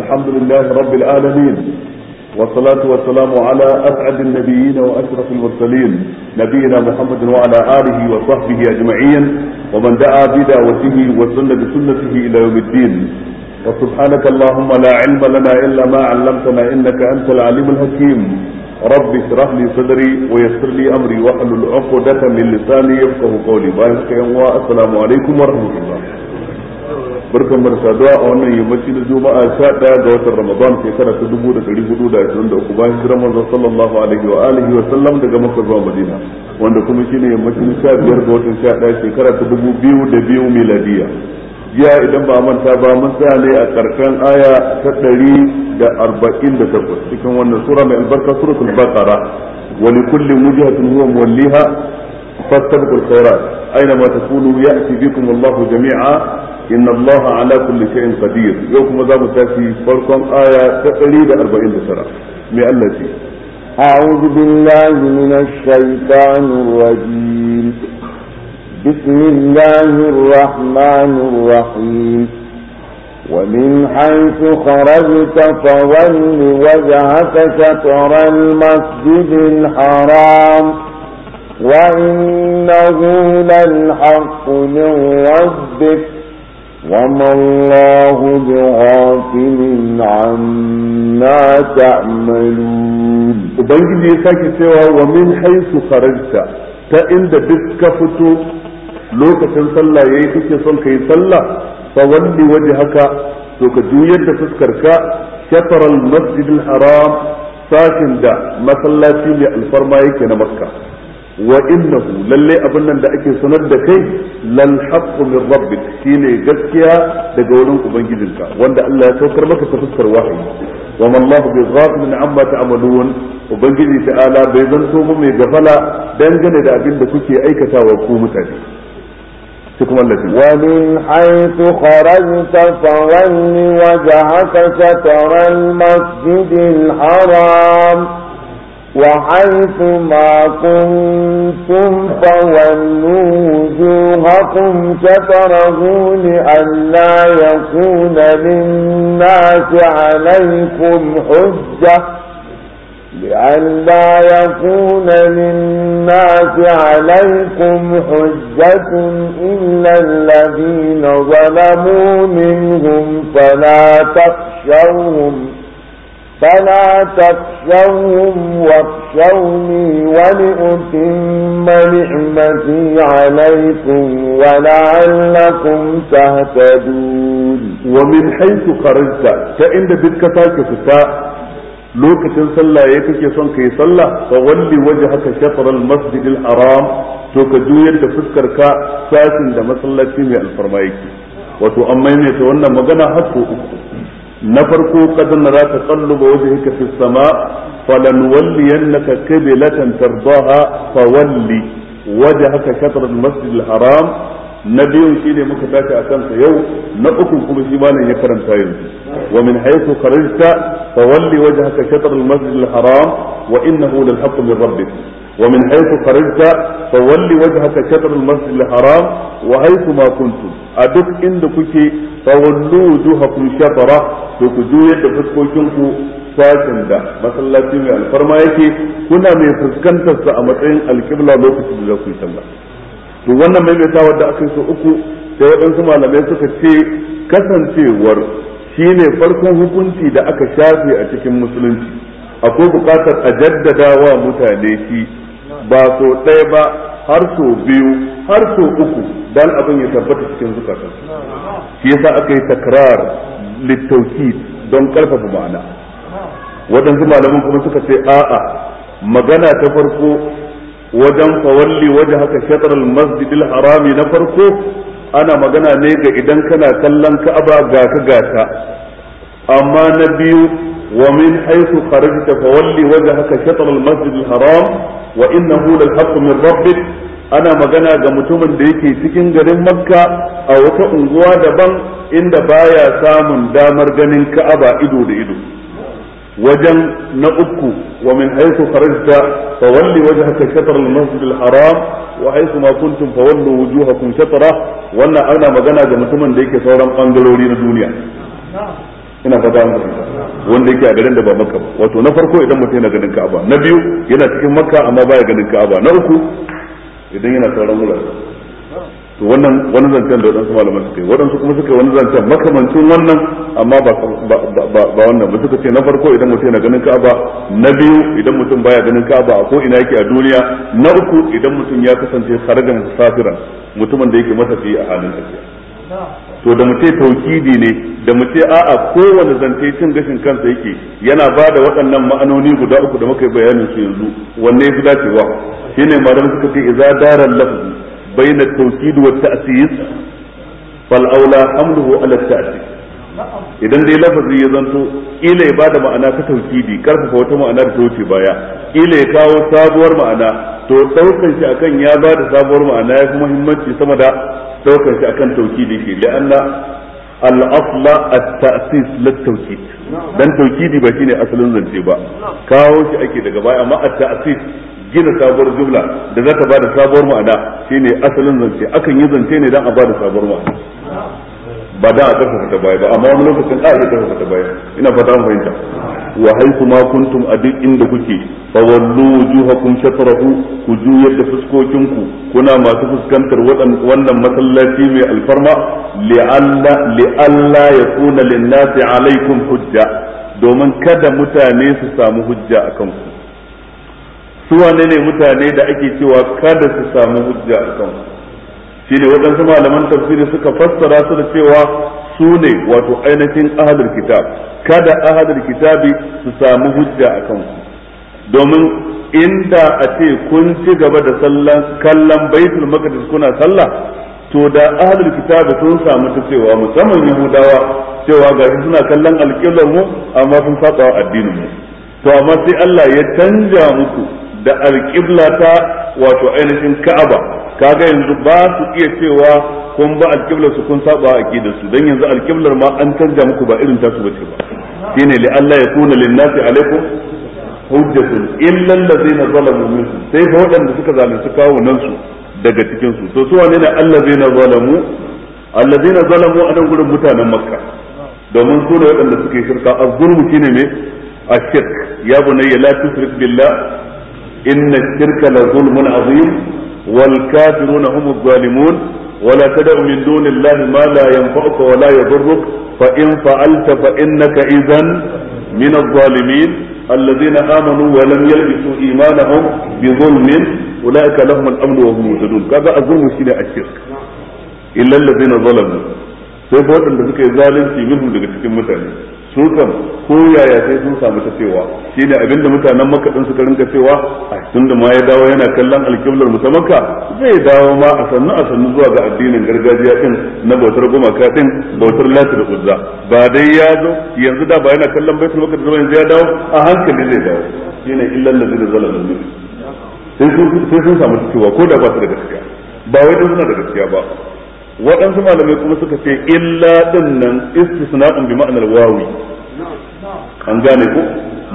الحمد لله رب العالمين والصلاة والسلام على أسعد النبيين وأشرف المرسلين نبينا محمد وعلى آله وصحبه أجمعين ومن دعا بدعوته وسن بسنته إلى يوم الدين وسبحانك اللهم لا علم لنا إلا ما علمتنا إنك أنت العليم الحكيم رب اشرح لي صدري ويسر لي أمري واحلل عقدة من لساني يفقه قولي بارك يا السلام عليكم ورحمة الله barkan mu da saduwa a wannan yammaci na juma'a sha ɗaya ga watan ramadan shekara ta dubu da dari hudu da ashirin da uku bayan hijirar manzo sallallahu alaihi wa alihi wa sallam daga makka zuwa madina wanda kuma shine yammacin sha biyar ga watan sha ɗaya shekara ta dubu biyu da biyu miladiya jiya idan ba manta ba mun tsaya ne a ƙarshen aya ta ɗari da arba'in da takwas cikin wannan sura mai albarka suratul baqara wa likulli wujhatin huwa muwalliha fastabiqul khairat aina ma takunu ya'ti bikum Allahu jami'a إن الله على كل شيء قدير yau kuma za mu tafi farkon aya ta 149 mai Allah أعوذ بالله من الشيطان الرجيم بسم الله الرحمن الرحيم ومن حيث خرجت فول وجهك شطر المسجد الحرام وإنه للحق من ربك وما الله بغافل عما تعملون وبنجي يساكي سوى ومن حيث خرجت فإن دبك فتو lokacin sallah yayi kake son kai sallah fa waje haka to ka juyar da fuskarka shatar al-masjid haram sakin da masallaci mai alfarma yake na makka wa innahu lalle abin nan da ake sanar da kai lal haqqu min rabbik shine gaskiya daga wurin ubangijinka wanda Allah ya saukar maka ta fuskar wahayi wa man Allah bi ghafilin amma ta'malun ubangiji ta'ala bai zanto mu mai gafala dangane da abin da kuke aikatawa ku mutane ومن حيث خرجت فول وجهك شطر المسجد الحرام وحيث ما كنتم فولوا وجوهكم شطره لئلا يكون للناس عليكم حجة لئلا يكون للناس عليكم حجة إلا الذين ظلموا منهم فلا تخشوهم فلا تخشوهم واخشوني ولأتم نعمتي عليكم ولعلكم تهتدون ومن حيث خرجت كأن بدك تاك فتاء لو كتن صلى يكك يسون كي فولي وجهك شطر المسجد الحرام تو كدوية تفكر كا ساتن دمسلتي من الفرمائك وتؤمنت وانا مغنى حقوقك نفرقوا قد نرى تقلب وجهك في السماء فلنولينك قبلة ترضاها فولي وجهك شطر المسجد الحرام نبي شيني مكتاك أسانت يوم نقفوا كم جمالا يكرم ومن حيث خرجت فولي وجهك شطر المسجد الحرام وإنه للحق من ربك Wa ومن حيث خرجت فول وجهك شطر المسجد الحرام وحيث ما كنتم أدك إن كنت فولوا وجوهكم شطرة تكجوية فسكوكنكو sashen da masallaci mai alfarma yake kuna mai fuskantar sa a matsayin alkibla lokacin da za ku yi sallah wannan maimaitawa da aka yi so uku sai waɗansu malamai suka ce kasancewar shine farkon hukunci da aka shafe a cikin musulunci akwai buƙatar a jaddada wa mutane shi ba so ɗaya ba har so biyu har so uku dan abin ya tabbata cikin zukatan shi yasa aka yi takrar littauki don karfafa ma'ana waɗansu malaman kuma suka ce a'a magana ta farko wajen fawalli wajen haka shatar masjidil harami na farko ana magana ne ga idan kana kallon ka'aba ga ka gata amma na biyu ومن حيث خرجت فولي وجهك شطر المسجد الحرام وإنه للحق من ربك ana magana ga mutumin da yake cikin garin makka a wata unguwa daban inda baya samun damar ganin ka'aba ido da ido wajen na uku wa min haythu kharajta fa walli wajhaka shatr al-masjid al-haram wa haythu ma kuntum fa wallu wujuhakum shatra wannan ana magana ga mutumin da yake sauran bangalori na duniya ina fata an fahimta wanda yake a garin da ba makka ba wato na farko idan mutum yana ganin ka'aba na biyu yana cikin makka amma baya ganin ka'aba na uku idan yana sauran wurare to wannan wani zancen da wadansu malaman suka yi wadansu kuma suka yi wani zancen makamancin wannan amma ba wannan ba suka ce na farko idan mutum yana ganin ka'aba na biyu idan mutum baya ganin ka'aba a ko ina yake a duniya na uku idan mutum ya kasance kharajan safiran mutumin da yake matafi a halin tafiya to da mu ce taukidi ne da mu ce a'a kowane zance cin gashin kansa yake yana ba da waɗannan ma'anoni guda uku da muka yi bayanin su yanzu wanne su dacewa shine malamin suka ce idza daral lafzu bayna tauhid wa tasis fal aula hamluhu ala tasis idan dai lafazi ya zanto kila ya ba da ma'ana ta taukidi karfafa wata ma'ana da ta wuce baya kila ya kawo sabuwar ma'ana to daukar shi akan ya ba da sabuwar ma'ana ya fi muhimmanci sama da daukar shi akan taukidi ke la'anna al-asla at-ta'sis lit tauhid dan taukidi ba shine asalin zance ba kawo shi ake daga baya amma at-ta'sis gina sabuwar jumla da za ta da sabuwar ma'ana shine asalin zance akan yi zance ne dan a ba da sabuwar ma'ana ba da a karfafa ta baya ba amma wani lokacin a iya karfafa ta baya ina fata mu fahimta wa haythu ma kuntum a duk inda kuke fa wallu wujuhakum shatrahu ku juyar da fuskokin ku kuna masu fuskantar wannan masallaci mai alfarma li'alla li'alla yakuna lin-nasi alaikum hujja domin kada mutane su samu hujja akan ku su wane ne mutane da ake cewa kada su samu hujja akan ku shine waɗansu malaman tafsiri suka fassara su da cewa su ne wato ainihin ahadar kitab kada ahadar kitabi su sami hujja a kansu domin inda a ce kun ci gaba da sallan kallon baitul maqdis kuna sallah to da ahadar kitab sun samu ta cewa musamman yahudawa cewa ga suna kallon alƙiblar mu amma sun saba addinin mu to amma sai Allah ya canja muku da alƙibla ta wato ainihin ka'aba kaga yanzu ba su iya cewa kun ba alƙiblar su kun saba da su dan yanzu alƙiblar ma an canja muku ba irin tasu bace ba shine li Allah ya kuna lin nasi alaikum hujjatun illa allazina zalamu minkum sai fa waɗanda suka zalunci nan su daga cikin su to su wane ne allazina zalamu allazina zalamu a nan gurin mutanen makka domin su ne waɗanda suka yi shirka azzulmu shine me ashirk ya bunayya la tusrik billah inna shirka la zulmun azim wal kafiruna hum zalimun ولا تدع من دون الله ما لا ينفعك ولا يضرك فإن فعلت فإنك إذا من الظالمين الذين آمنوا ولم يلبسوا إيمانهم بظلم أولئك لهم الأمن وهم مهتدون كذا الظلم شيء الشرك إلا الذين ظلموا sai waɗanda suka yi zalunci minhum daga cikin mutane su kan ko yaya sai sun samu ta cewa shi ne abinda mutanen makaɗin suka rinka cewa a tun da ma ya dawo yana kallon alkiblar mu ta makka zai dawo ma a sannu a sannu zuwa ga addinin gargajiya din na bautar gumaka din bautar lati da uzza ba dai ya zo yanzu da ba yana kallon baitul maqdis ba yanzu ya dawo a hankali zai dawo shine illal ladina zalamu sai sun samu ta cewa ko da ba su da gaskiya ba wai don suna da gaskiya ba waɗansu malamai kuma suka ce illa ɗin nan istisna'un bi ma'anar wawi an gane ko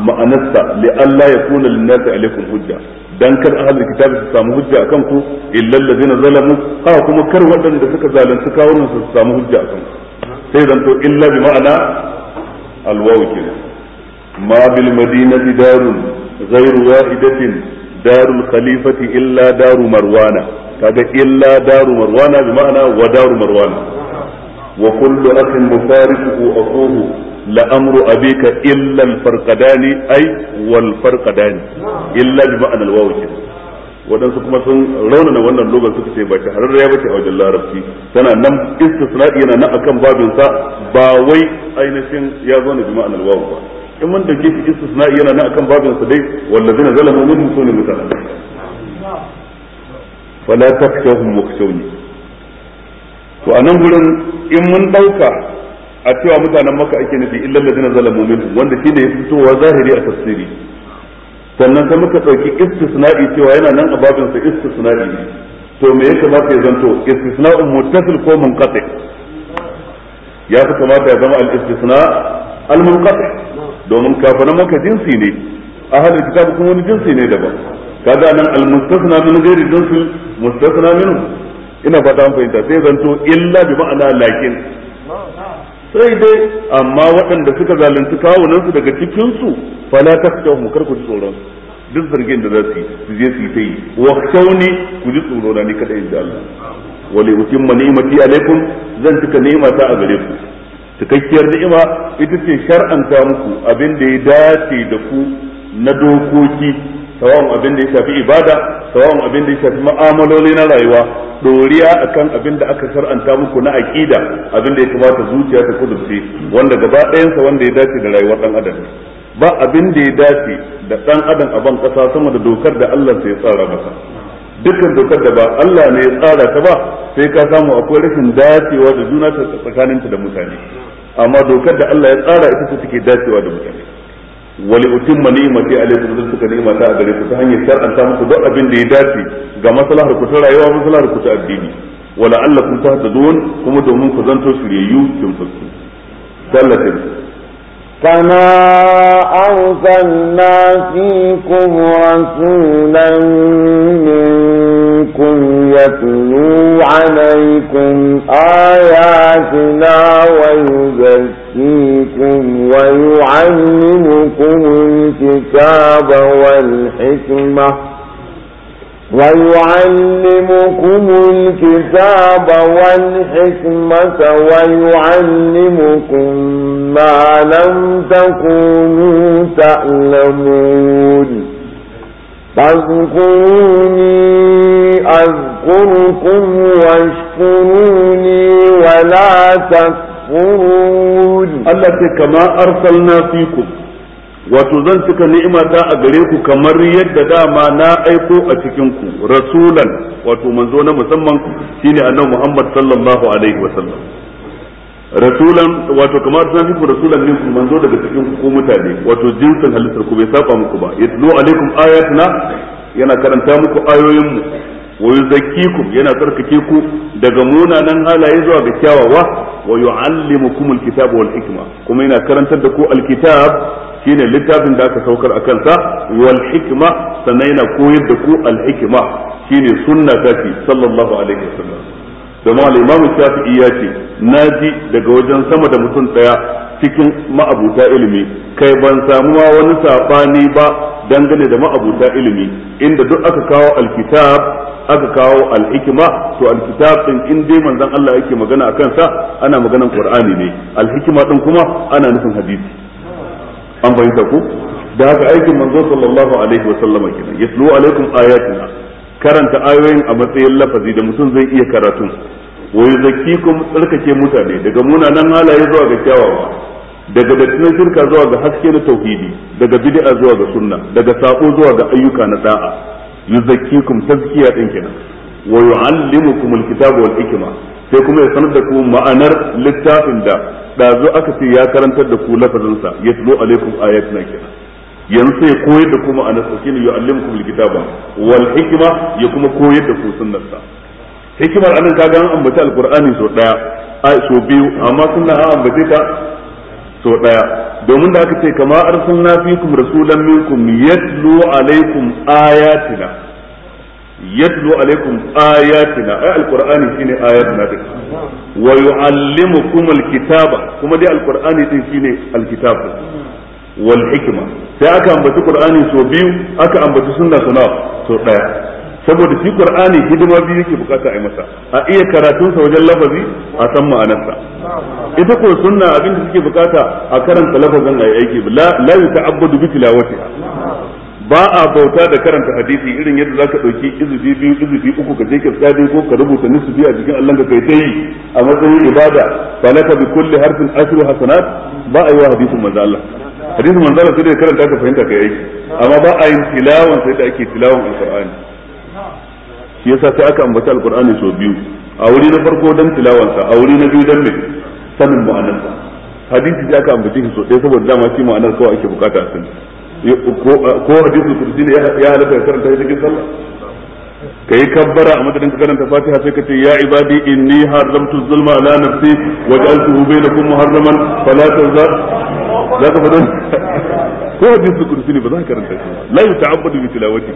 ma'anarsa li Allah ya kuna linnasi alaikum hujja dan kar ahlul kitabi su samu hujja akan ku illa allazina zalamu ha kuma kar waɗanda suka zalunci kawunan su samu hujja akan ku sai to illa bi ma'ana alwawu kenan ma bil madinati darun ghayru wahidatin darul khalifati illa daru marwana kaga illa daru marwana bi ma'ana wa daru marwana wa kullu akhin mufarisuhu aquhu la amru abika illa al farqadani ay wal farqadani illa waɗansu kuma sun raunana wannan logan suka ce ba shahararriya ba ce a wajen larabci tana nan istisna'i yana nan akan babinsa ba wai ainihin ya zo na bi ma'anar wawu ba in mun dauke shi istisna yana nan akan babin su dai wallazina zalamu minhum sunu mutala fala takshawhum wakshawni to anan gurin in mun dauka a cewa mutanen maka ake nufi illal ladina zalamu minhum wanda shi ne ya fitowa zahiri a tafsiri sannan sai muka dauki istisna'i cewa yana nan a babin sa istisna'i to me yake kamata ya zanto istisna'un muttasil ko munqati ya fi kamata ya zama al istisna al munqati domin kafiran maka jinsi ne halin kitab kuma wani jinsi ne daban kaga nan almustasna min ghairi jinsi mustasna minhu ina fata an fahimta sai zanto illa bi ma'ana lakin sai dai amma waɗanda suka zalunci kawunan su daga cikin su fala taktahu mu ku ji tsoron duk zargin da za su yi su je su yi ta wa kauni ku ji tsoro da ni kada in ji Allah wa li utimma ni'mati alaikum zan tuka ni'mata a gare ku cikakkiyar ni'ima ita ce shar'anta muku abin da ya dace da ku na dokoki sawan abin da ya shafi ibada sawan abin da ya shafi ma'amaloli na rayuwa doriya akan abin da aka shar'anta muku na aqida abin da ya kamata zuciya ta kudurce wanda gaba ɗayansa wanda ya dace da rayuwar dan adam ba abin da ya dace da ɗan adam a ban kasa sama da dokar da Allah sai ya tsara masa dukkan dokar da ba Allah ne ya tsara ta ba sai ka samu akwai rashin dacewa da juna ta tsakaninta da mutane amma dokar da Allah ya tsara ita ce take dacewa da mutane wali utimma ni'mati alaikum zan suka ni'ma ta gare ku ta hanyar shar'anta muku duk abin da ya dace ga maslahar ku ta rayuwa maslahar ku ta addini wala allakum tahtadun kuma domin ku zanto shiryayyu kin fuski sallatin كما أرسلنا فيكم رسولا من ربكم يتلو عليكم آياتنا ويزكيكم ويعلمكم الكتاب والحكمة ويعلمكم الكتاب والحكمة ويعلمكم ما لم تكونوا تعلمون فاذكروني أذكركم واشكروني ولا تكفرون التي كما أرسلنا فيكم wato zan cika ni'imata a gare ku kamar yadda dama na aiko a cikin ku rasulan wato manzo na musamman shine annabi Muhammad sallallahu alaihi wasallam rasulan wato kamar sun fi rasulan ne kuma zo daga cikin ku mutane wato jinsin halittar ku bai saba muku ba yatlu alaikum ayatuna yana karanta muku ayoyin mu wa yuzakkikum yana tsarkake ku daga munanan halaye zuwa ga kyawawa wa yuallimukum alkitaba wal hikma kuma yana karantar da ku alkitab shine littafin da aka saukar akan sa wal hikma sannan yana koyar da ku alhikma shine sunna ta sallallahu alaihi wasallam domin al-Imam Shafi'i ya ce na ji daga wajen sama da mutum daya cikin ma'abuta ilimi kai ban samu wani sabani ba dangane da ma'abuta ilimi inda duk aka kawo al'kitab aka kawo al'hikima to al-kitab din in dai manzon Allah yake magana a kansa ana maganan Qur'ani ne al'hikima hikma din kuma ana nufin hadisi an bayyana ku da haka aikin manzo sallallahu alaihi wa sallama kenan yatlu alaikum ayatina karanta ayoyin a matsayin lafazi da mutum zai iya karatu karatun zaki ku tsarkake mutane daga munanan halaye zuwa ga kyawawa daga dattinan shirka zuwa ga haske na tauhidi daga bid'a zuwa ga sunna daga sako zuwa ga ayyuka na da'a yuzakkikum tazkiya din kenan wa yu'allimukum alkitaba wal hikma sai kuma ya sanar da ku ma'anar littafin da dazu aka ce ya karantar da ku lafazin sa yatlu alaikum ayatuna kenan yanzu sai koyar da kuma anasa shine yu'allimukum alkitaba wal hikma ya kuma koyar da ku sunnarsa hikimar anan kaga an ambaci alqur'ani so daya a so biyu amma sunna an ambace ta so daya domin da aka ce kama arsalna fikum rasulan minkum yatlu alaikum ayatina yatlu alaikum ayatina ay alqur'ani shine ayatuna din wa yu'allimukum alkitaba kuma dai alqur'ani din shine alkitabu wal hikma sai aka ambaci qur'ani so biyu aka ambaci sunna sana so daya saboda shi qur'ani hidima biyu yake bukata a masa a iya karatun sa wajen lafazi a san ma'anarsa ita ko sunna abin da suke bukata a karanta lafazin a aiki la la ta'abbadu bi tilawati ba a bauta da karanta hadisi irin yadda zaka dauki izubi biyu izubi uku ka je ka tsade ko ka rubuta biyu a jikin Allah ka kai tai a matsayin ibada balaka bi kulli harfin ashru hasanat ba a yi wa hadisin manzo Allah hadisin manzo Allah sai karanta ka fahimta kai aiki amma ba a yin tilawan sai da ake tilawan alqur'ani shi yasa sai aka ambata alqur'ani so biyu a wuri na farko dan tilawansa a wuri na biyu dan me sanin ma'anarsa hadisi da aka ambace shi so ɗaya saboda dama shi ma'anar kawai ake bukata a sani ko hadisul kursi ne ya halatta ya karanta cikin sallah ka yi kabbara a madadin ka karanta fatiha sai ka ce ya ibadi inni haramtu zulma ala nafsi wa ja'altuhu bainakum muharraman fala tazar za ka faɗo ko hadisi kudusi ne ba za ka karanta shi ba la yuta'abbadu bi tilawati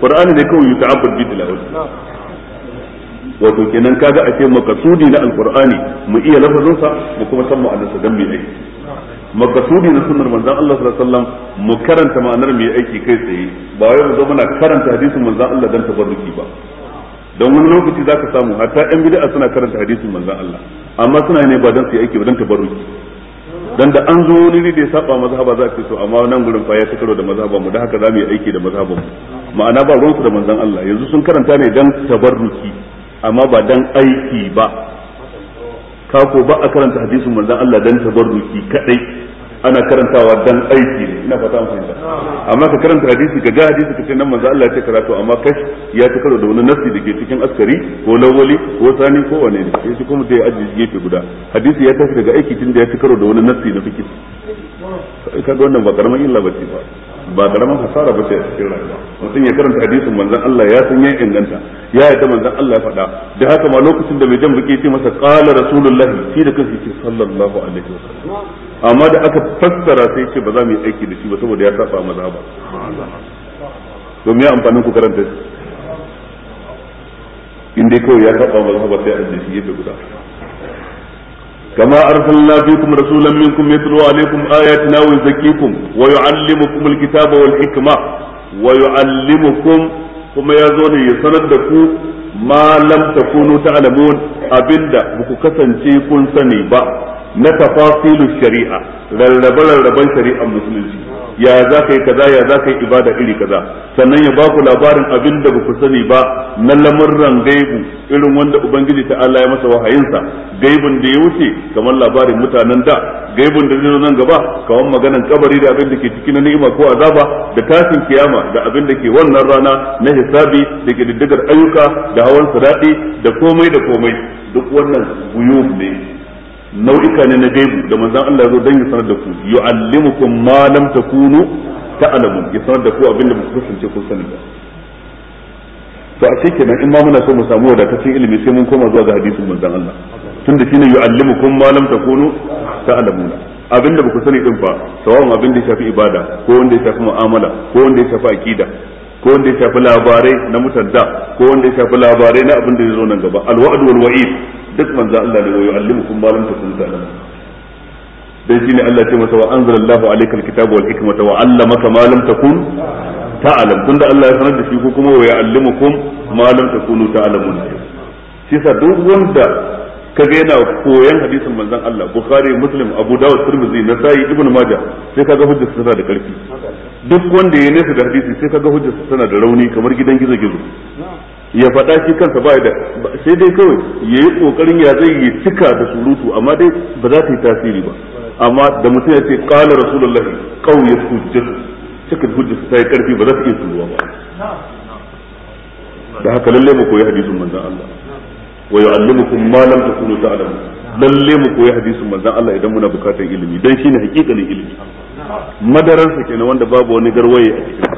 qur'ani ne kawai yuta'abbadu bi tilawati wato kenan kaga a ce makasudi na alqur'ani mu iya sa mu kuma san ma'anarsa dan mai aiki makasudi na sunnar manzon Allah sallallahu alaihi wasallam mu karanta ma'anar mai aiki kai tsaye ba wai mu zo muna karanta hadisin manzon Allah dan tabarruki ba don wani lokaci za ka samu hatta yan bid'a suna karanta hadisin manzon Allah amma suna ne ba dan su yi aiki ba dan tabarruki dan da an zo wani da ya saba mazhaba za ka so amma nan gurin fa ya ta karo da mazhaba mu da haka za mu yi aiki da mazhaban mu ma'ana ba ruwansu da manzon Allah yanzu sun karanta ne dan tabarruki amma ba dan aiki ba kako ba a karanta hadisin manzon Allah dan tabarruki kadai ana karantawa dan aiki ne ina fata mun fahimta amma ka karanta hadisi ka ga hadisi ka ce nan manzo Allah ya ce karatu amma kai ya ci karo da wani nasi da ke cikin askari ko lawali ko sani ko wane ne sai kuma da ya ajiye gefe guda hadisi ya tafi daga aiki tun da ya ci karo da wani nasi da fiki ga wannan ba karaman illa bace ba ba karaman hasara bace a cikin rayuwa mutum ya karanta hadisin manzo Allah ya san ya inganta ya yadda manzo Allah ya faɗa da haka ma lokacin da mai jan baki ya ce masa qala rasulullahi shi da kansa ce sallallahu alaihi wasallam amma da aka fassara sai ce ba za mu yi aiki da shi ba saboda ya saba maza ba to me amfani ku karanta shi in dai kawai ya saba maza ba sai a je shi yadda guda كما أرسلنا فيكم رسولا منكم يتلو عليكم آياتنا ويزكيكم ويعلمكم الكتاب والحكمة ويعلمكم kuma ya zo ne ya sanar da ku ma lam takunu ta'lamun abinda ku kasance kun sani ba na tafasilu shari'a rarrabe rarraben shari'ar musulunci ya za ka yi kaza ya za ka yi ibada iri kaza sannan ya baku labarin abin da ku sani ba na lamurran gaibu irin wanda ubangiji ta Allah ya masa wahayinsa gaibun da ya wuce kamar labarin mutanen da gaibun da zai nan gaba kamar maganan kabari da abin da ke cikin ni'ima ko azaba da tashin kiyama da abin da ke wannan rana na hisabi da ke diddigar ayyuka da hawan sadadi da komai da komai duk wannan guyub ne nau'ika ne na gaibu da manzon Allah zo dan ya sanar da ku yu'allimukum ma lam takunu ta'lamun ya sanar da ku abin da ba ku kasance kun sani ba to a ce kenan in ma muna so mu samu wadatacin ilimi sai mun koma zuwa ga hadisin manzon Allah tunda shine yu'allimukum ma lam takunu ta'lamun abin da ba ku sani din fa sawan abin da ya shafi ibada ko wanda ya shafi mu'amala ko wanda ya shafi aqida ko wanda ya shafi labarai na mutan ko wanda ya shafi labarai na abin da ya zo nan gaba alwa'd wal wa'id duk manzo Allah ne wayo allimukum ma lam takunu ta'lamun dan shine Allah ya ce masa wa anzalallahu alaykal kitaba wal hikmata wa 'allamaka ma lam takun ta'lam tunda Allah ya sanar da shi ko kuma wa ya'allimukum ma lam takunu ta'lamun shi sa duk wanda kaga yana koyan hadisin manzon Allah Bukhari Muslim Abu Dawud Tirmidhi Nasa'i Ibn Majah sai kaga hujjar tana da karfi duk wanda ya nesa da hadisi sai kaga hujjar tana da rauni kamar gidan gizo gizo ya faɗa shi kansa ba da sai dai kawai ya yi ƙoƙarin ya zai yi cika da surutu amma dai ba za ta yi tasiri ba amma da mutum ya ce ƙala rasulullahi ƙauye hujjatu cikin hujjatu ta yi ƙarfi ba za ta iya turuwa ba da haka lalle mu koyi hadisin manzan Allah wa yu'allimukum ma lam takunu ta'lamun lalle mu koyi hadisin manzan Allah idan muna bukatar ilimi dan shine hakikalin ilimi madaransa kenan wanda babu wani garwaye a cikin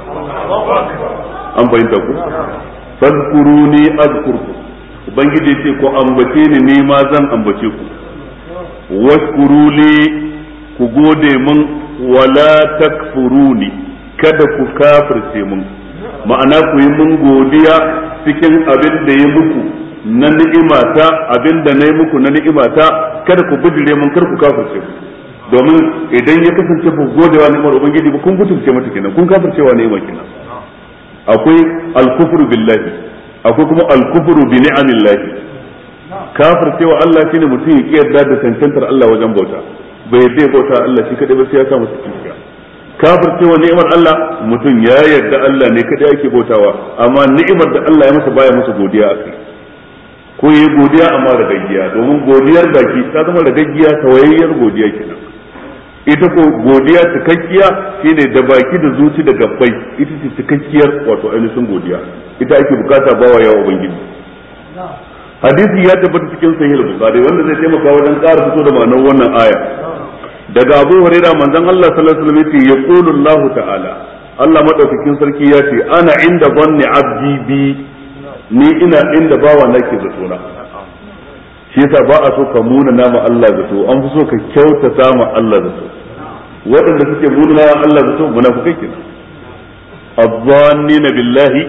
an fahimta ku fadkuruni azkurku ubangiji ce ku ambace ni ni ma zan ambace ku waskuruli ku gode mun wala takfuruni kada ku kafirce mun ma'ana ku yi mun godiya cikin abin da ya muku na ni'imata abin da na yi muku na ni'imata kada ku bijire mun kar ku kafirce mu domin idan ya kasance ku godewa ni'imar ubangiji ba kun ce mata kenan kun kafircewa ni'imar kenan akwai alkufru billahi akwai kuma alkufru bi ni'amillahi kafir cewa Allah shine mutum ya yarda da tantantar Allah wajen bauta bai yadda ya bauta Allah shi kadai ba sai ya sa masa kafir cewa ni'imar Allah mutum ya yarda Allah ne kadai yake bautawa amma ni'imar da Allah ya masa baya masa godiya a kai ko yayi godiya amma da gaggiya domin godiyar da ki ta zama da gaggiya tawayayyar godiya kenan ita ko godiya cikakkiya shine da baki da zuci da gabbai ita ce cikakkiyar wato ainihin godiya ita ake bukata bawa yawa ubangiji hadisi ya tabbata cikin sahih al-bukhari wanda zai taimaka wajen ƙara fito da ma'anar wannan aya daga Abu Hurairah manzon Allah sallallahu alaihi wasallam yace yaqulu Allah ta'ala Allah madaukakin sarki ya ce ana inda banni abdi bi ni ina inda bawa nake zato na shi yasa ba a so ka muna nama Allah zato an fi so ka kyautata ma Allah zato waɗanda suke murna Allah da sun munafukai kenan na billahi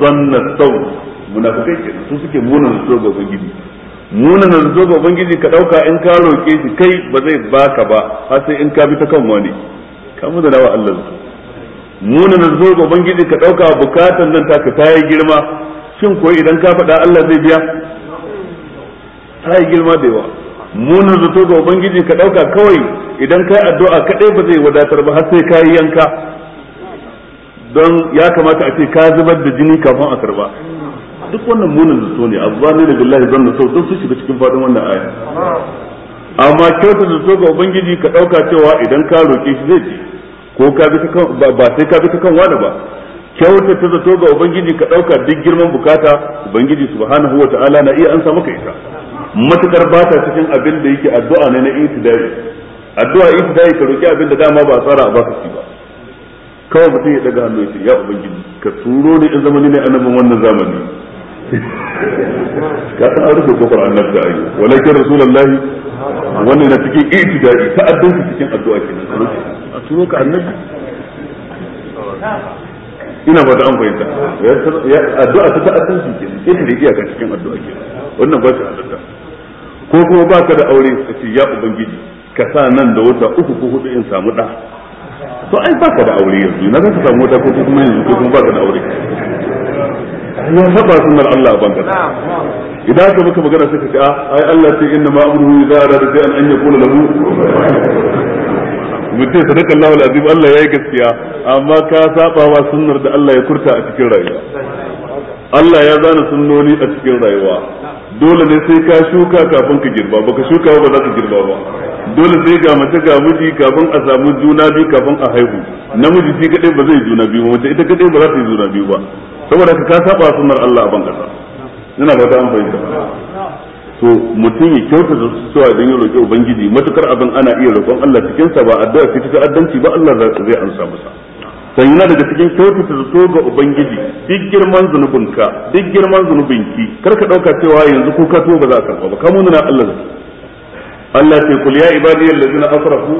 zanna saw munafukai kenan su suke murna zo ga ubangiji munan da ga ubangiji ka dauka in ka roke shi kai ba zai baka ba har sai in ka bi ta kan wani ka mu da nawa Allah munan da ga ubangiji ka dauka bukatan nan ka ta yi girma shin ko idan ka faɗa Allah zai biya ta yi girma da yawa munin zato ga ubangiji ka ɗauka kawai idan kai addu'a kadai ba zai wadatar ba har sai ka yi yanka don ya kamata a ce ka zubar da jini kafin a karba duk wannan munin zato ne azzani da billahi zanna sau duk su shiga cikin fadin wannan aya amma kyautar da ga ubangiji ka dauka cewa idan ka roƙe shi zai ji ko ka bi kan ba sai ka bi ta kan wani ba kyautar ta zato ga ubangiji ka dauka duk girman bukata ubangiji subhanahu wataala na iya ansa maka ita matukar ba ta cikin abin da yake addu'a ne na itidari addu'a ibtida'i ka roki abin da dama ba tsara a baka shi ba kawai mutum ya daga hannu ya ce ubangiji ka turo ni in zamani ne annabin wannan zamani ka san an rufe kofar annabta ayi walakin rasulullahi wannan na cikin ibtida'i ta addu'a cikin addu'a kenan a turo ka annabi ina ba da an fahimta addu'a ta ta'addanci ke ita da iyaka cikin addu'a ke wannan ba shi addu'a ko kuma ba ka da aure ka ce ya ubangiji ka sa nan da wata uku ko hudu in samu da to ai baka da aure yanzu na zaka samu wata ko kuma yanzu ko kuma baka da aure ya saba sunan Allah ban kasa idan ka maka magana sai ka ce ah, ai Allah ce inna ma amruhu idza arada shay'an an yaqula lahu mutum sadaka Allahu alazim Allah yayi gaskiya amma ka saba wa sunnar da Allah ya kurta a cikin rayuwa Allah ya zana sunnoni a cikin rayuwa dole ne sai ka shuka kafin ka girba baka shuka ba za ka girba ba dole sai ga mace ga miji kafin a samu juna biyu kafin a haihu namiji shi kadai ba zai juna biyu ba mace ita kadai ba za ta yi juna biyu ba saboda ka ka saba sunnar Allah a ban kasa ina ga ta amfani da to mutum ya kyauta da cewa don yi roki ubangiji matukar abin ana iya roƙon Allah cikin sa ba addu'a ce ta addanci ba Allah zai ansa masa dan yana daga cikin kyautata zato ga ubangiji duk girman zunubinka duk girman zunubinki kar ka dauka cewa yanzu ko ka ba za ka karba ba kamuna na Allah Allah ce kul ya ibadiy allazina asrafu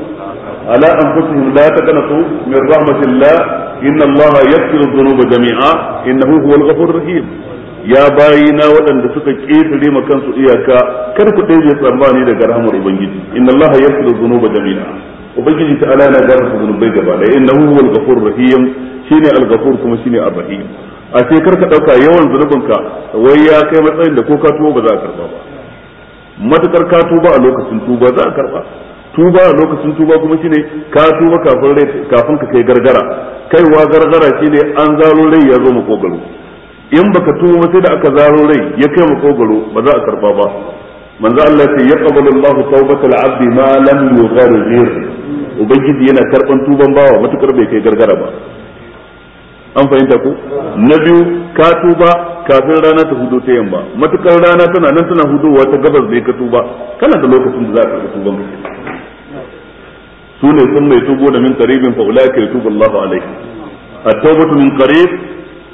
ala anfusihim la taqnatu min rahmatillah inna allaha yaghfiru dhunuba jami'a innahu huwal ghafurur rahim ya bayina waɗanda suka ƙetare ma kansu iyaka kar ku ɗaya tsammani daga rahmar ubangiji inna allaha yaghfiru dhunuba jami'a ubangiji ta alana ga su zunubai gaba da innahu huwal ghafur rahim shine al-ghafur kuma shine ar-rahim a ce kar ka dauka yawan ka wai ya kai matsayin da ko ka tuba ba za a karba ba matakar ka tuba a lokacin tuba za a karba tuba a lokacin tuba kuma shine ka tuba kafin kafin ka kai gargara kaiwa gargara shine an zaro rai ya zo makogaro in baka tuba sai da aka zaro rai ya kai makogaro ba za a karba ba manzo Allah sai ya qabala Allahu malam abdi ma lam yughargir ubangiji yana karban tuban bawa matukar bai kai gargara ba an fahimta ko na biyu ka tuba kafin rana ta hudu ta yamma matukar rana tana nan tana hudowa ta gabas bai ka tuba kana da lokacin da za ka tuba. su ne sun mai tubo da min qaribin fa ulaika yatubu Allahu alaihi at-tawbatu min qarib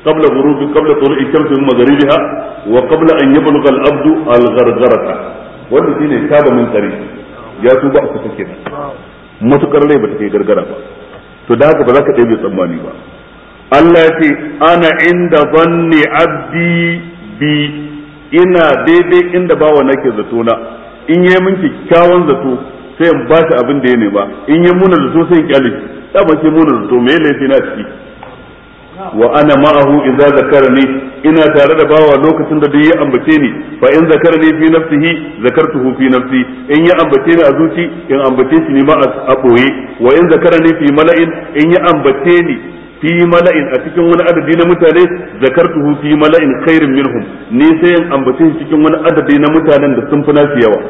قبل غروب قبل طلوع الشمس من مغربها وقبل أن يبلغ العبد الغرغرة wanda shine taba min tsari ya tuba ku take da matukar lai bata kai gargara ba to da haka ba za ka ɗaya tsammani ba Allah ya ce ana inda zanni abdi bi ina daidai inda bawa nake zato na in yi min kyakkyawan zato sai in ba shi abin da ya ba, in yi munar zato sai in kyale shi dama sai muna zato me laifi na ciki wa ana ma'ahu idza ina tare da bawa lokacin da duk ya ambace ni fa in zakarani fi nafsihi zakartuhu fi nafsi in ya ambace ni a zuci in ambace shi ne ma a boye wa in zakarani fi mala'in in ya ambace ni fi mala'in a cikin wani adadi na mutane zakartuhu fi mala'in khairin minhum ni sai in ambace shi cikin wani adadi na mutanen da sun fi nasu yawa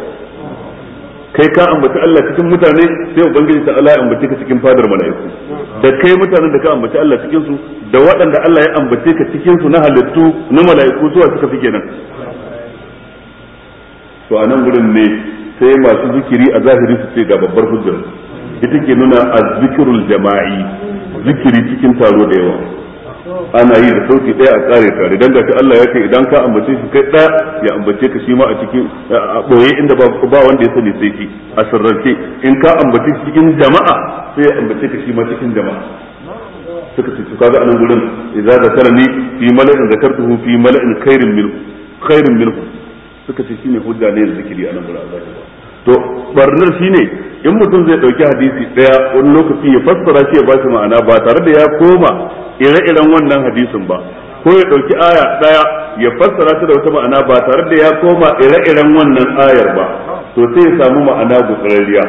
kai ka ambaci Allah cikin mutane sai ubangiji ta Allah ya ambace ka cikin fadar mala'iku da kai mutanen da ka ambaci Allah cikin su da waɗanda Allah ya ambace ka cikin su na halittu na mala'iku zuwa suka fi kenan to a nan gurin ne sai masu zikiri a zahiri su ce ga babbar hujjar ita ke nuna azzikirul jama'i zikiri cikin taro da yawa ana yi da sauti ɗaya a tsare tare don gashi Allah ya ce idan ka ambace shi kai ɗaya ya ambace ka shi ma a cikin a ɓoye inda ba wanda ya sani sai ki a sirrance in ka ambace shi cikin jama'a sai ya ambace ka shi ma cikin jama'a suka ce kaga anan gurin idza zakarani fi mala'in zakartuhu fi mala'in khairin minhu khairin minhu suka ce shine hujja ne da zikiri anan gurin Allah to barnar shine in mutum zai dauki hadisi daya wani lokaci ya fassara shi ya ba shi ma'ana ba tare da ya koma ire-iren wannan hadisin ba ko ya dauki aya daya ya fassara ta da wata ma'ana ba tare da ya koma ire-iren wannan ayar ba to sai ya samu ma'ana gutsararriya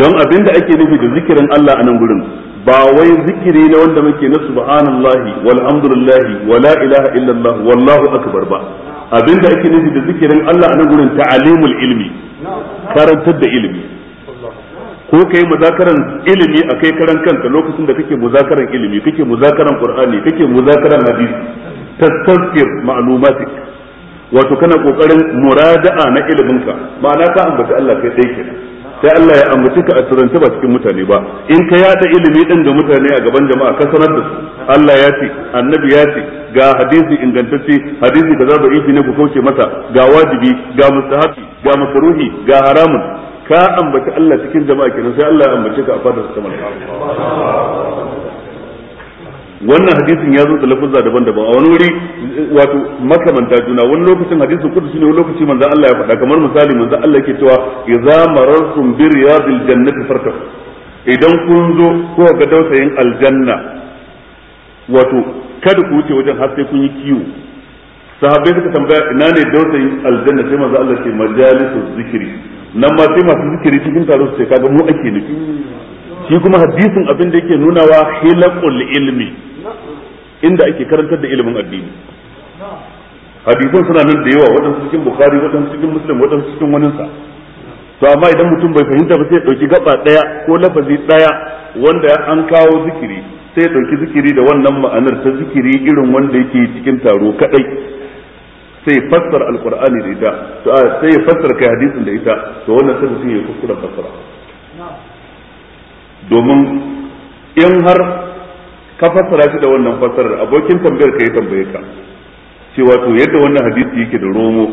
don abin da ake nufi da zikirin Allah a nan gurin ba wai zikiri na wanda muke na subhanallahi walhamdulillahi wala ilaha illallah wallahu akbar ba abinda ake nufi da zikirin Allah a nan gurin ta'alimul ilmi karantar da ilimi ko kai muzakaran ilimi a kai karan kanka lokacin da kake muzakaran ilimi kake muzakaran qur'ani kake muzakaran hadisi tastazkir ma'lumatik wato kana kokarin murada'a na iliminka ma'ana ka ambaci Allah kai dai kenan sai Allah ya ambaci ka a turance ba cikin mutane ba in ka yada ilimi din da mutane a gaban jama'a ka sanar da su Allah ya ce annabi ya ce ga hadisi ingantacce hadisi za zaba yi ne ku kauce masa ga wajibi ga mustahabi ga makruhi ga haramun ka ambaci Allah cikin jama'a kenan sai Allah ya ambaci ka a fadar sama wannan hadisin ya zo da lafuzza daban-daban a wani wuri wato makamanta juna wani lokacin hadisin kudu ne wani lokaci manzo Allah ya faɗa kamar misali manzo Allah yake cewa idza marartum bi riyadil jannati fartahu idan kun zo ko ga dausayin aljanna wato kada ku wuce wajen har sai kun yi kiwo sahabbai suka tambaya ina ne dausayin aljanna sai manzo Allah ce majalisu zikiri nan ma sai masu zikiri cikin taro su ce kaga mu ake nufi shi kuma hadisin abin da yake nunawa hilakul ilmi inda ake karantar da ilimin addini hadisin suna nan da yawa waɗansu cikin bukhari waɗansu cikin muslim waɗansu cikin waninsa to amma idan mutum bai fahimta ba sai ɗauki gaba ɗaya ko lafazi ɗaya wanda an kawo zikiri sai dauki zikiri da wannan ma'anar ta zikiri irin wanda yake cikin taro kaɗai sai fassara alkur'ani da ita to sai ya fassara kai hadisin da ita to wannan sai mutum ya kuskura fassara domin in har ka fassara shi da wannan fassarar abokin tambayar ka ya tambaye ka cewa to yadda wannan hadisi yake da romo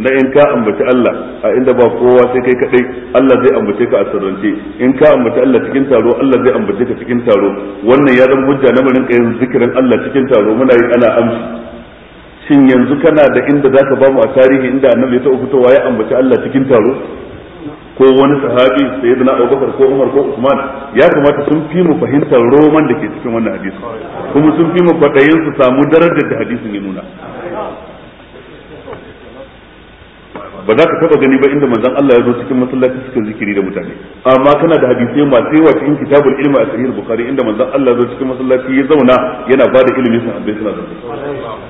na in ka ambaci Allah a inda ba kowa sai kai kadai Allah zai ambace ka a sirrance in ka ambaci Allah cikin taro Allah zai ambace ka cikin taro wannan ya zama hujja na murin kayan zikirin Allah cikin taro muna yi ana amshi shin yanzu kana da inda zaka ba mu a tarihi inda annabi ya taɓa fitowa ya ambaci Allah cikin taro ko wani sahabi sai Abu Abubakar ko Umar ko Usman ya kamata sun fi mu fahimtar roman da ke cikin wannan hadisi kuma sun fi mu kwadayin su samu darajar da hadisin ya nuna ba za ka taba gani ba inda manzon Allah ya zo cikin masallaci cikin zikiri da mutane amma kana da hadisai masu yawa cikin kitabul ilmi a sahih bukhari inda manzon Allah ya zo cikin masallaci ya zauna yana bada ilimi sa abin suna zaune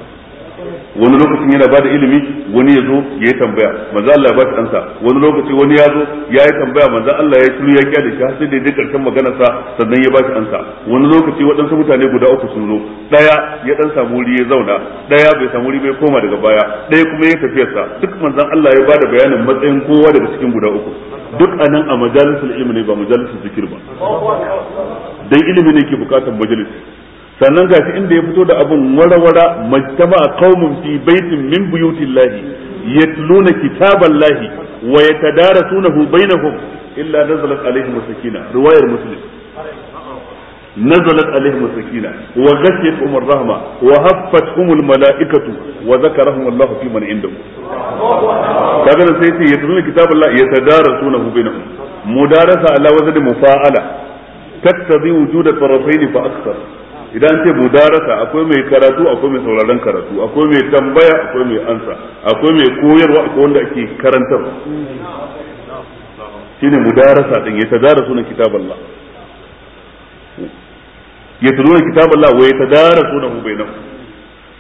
wani lokacin yana bada ilimi wani ya zo ya yi tambaya manzo Allah ya ba shi ansa wani lokaci wani ya zo ya yi tambaya manzo Allah ya yi shiru ya kyale shi har sai da ya karshen maganar sa sannan ya ba shi ansa wani lokaci waɗansu mutane guda uku sun zo Ɗaya ya dan samu wuri ya zauna Ɗaya bai samu wuri bai koma daga baya Ɗaya kuma ya sa duk manzon Allah ya bada bayanin matsayin kowa daga cikin guda uku duk anan a majalisar ilmi ne ba majalisul zikir ba dan ilimi ne ke bukatar majalisi sannan shi inda ya fito da abun warawara majtama qaumun fi baitin min buyutillahi yatluna kitaballahi wa yatadarasunahu bainahum illa nazalat alaihim sakina riwayar muslim نزلت عليهم السكينة wa الرحمة وهفتهم الملائكة وذكرهم الله في من عنده kaga da sai ce ya tuzuna kitab Allah ya tadarasuna hu bainahum mudarasa ala wazn mufa'ala tattabi wujud tarafayni fa akthar idan ce mudarasa akwai mai karatu akwai mai sauraron karatu akwai mai tambaya akwai mai ansa akwai mai koyarwa akwai wanda ake karantarwa shine mudarasa din ya tadarasu na kitaballah ya tadarasu kitaballah wa ya tadarasu suna bainahum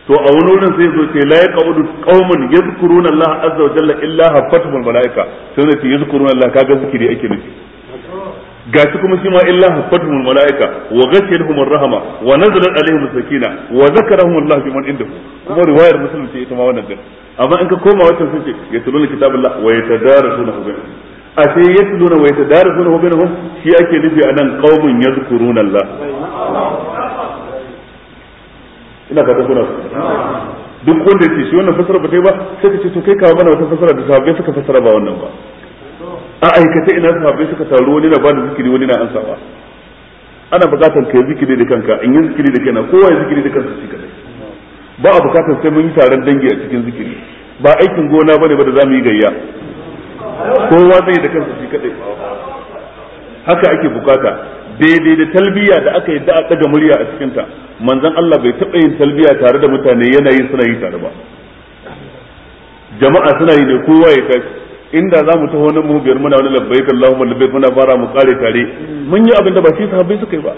to a wani wurin sai zo ce la yaqaudu qaumun yadhkuruna Allah azza wa jalla illa hafatul malaika sai ne yadhkuruna Allah kaga zikiri ake nufi gashi kuma shi ma illa hafatuhum malaika wa ghashiyatuhum rahama wa nazala alaihim sakina wa zakarahum Allah bi man indahu kuma riwayar muslim ce ita ma wannan din amma in ka koma wata sun ce yatluna kitabullah wa yatadarasuna bainahum a sai yatluna wa yatadarasuna bainahum shi ake nufi anan qaumun yadhkuruna Allah ina ka tabbata duk wanda ya ce shi wannan fasara ba ta yi ba sai ka ce to kai kawo mana wata fasara da sahabbai suka fasara ba wannan ba a aikace ina sahabbai suka taru wani na ba da zikiri wani na ansawa ana bukatar ka yi zikiri da kanka in yi zikiri da kaina kowa ya zikiri da kansa shi kadai ba a bukatar sai mun yi taron dangi a cikin zikiri ba aikin gona bane ba da zamu yi gayya kowa zai da kansa shi kadai haka ake bukata daidai da talbiya da aka yi da a daga murya a cikin ta manzon Allah bai taba yin talbiya tare da mutane yana yi suna yi tare ba jama'a suna yi ne kowa ya tashi inda za mu taho nan mu biyar muna wani labbaik Allahumma labbaik muna fara mu kare tare mun yi abin da ba shi sahabbai suka yi ba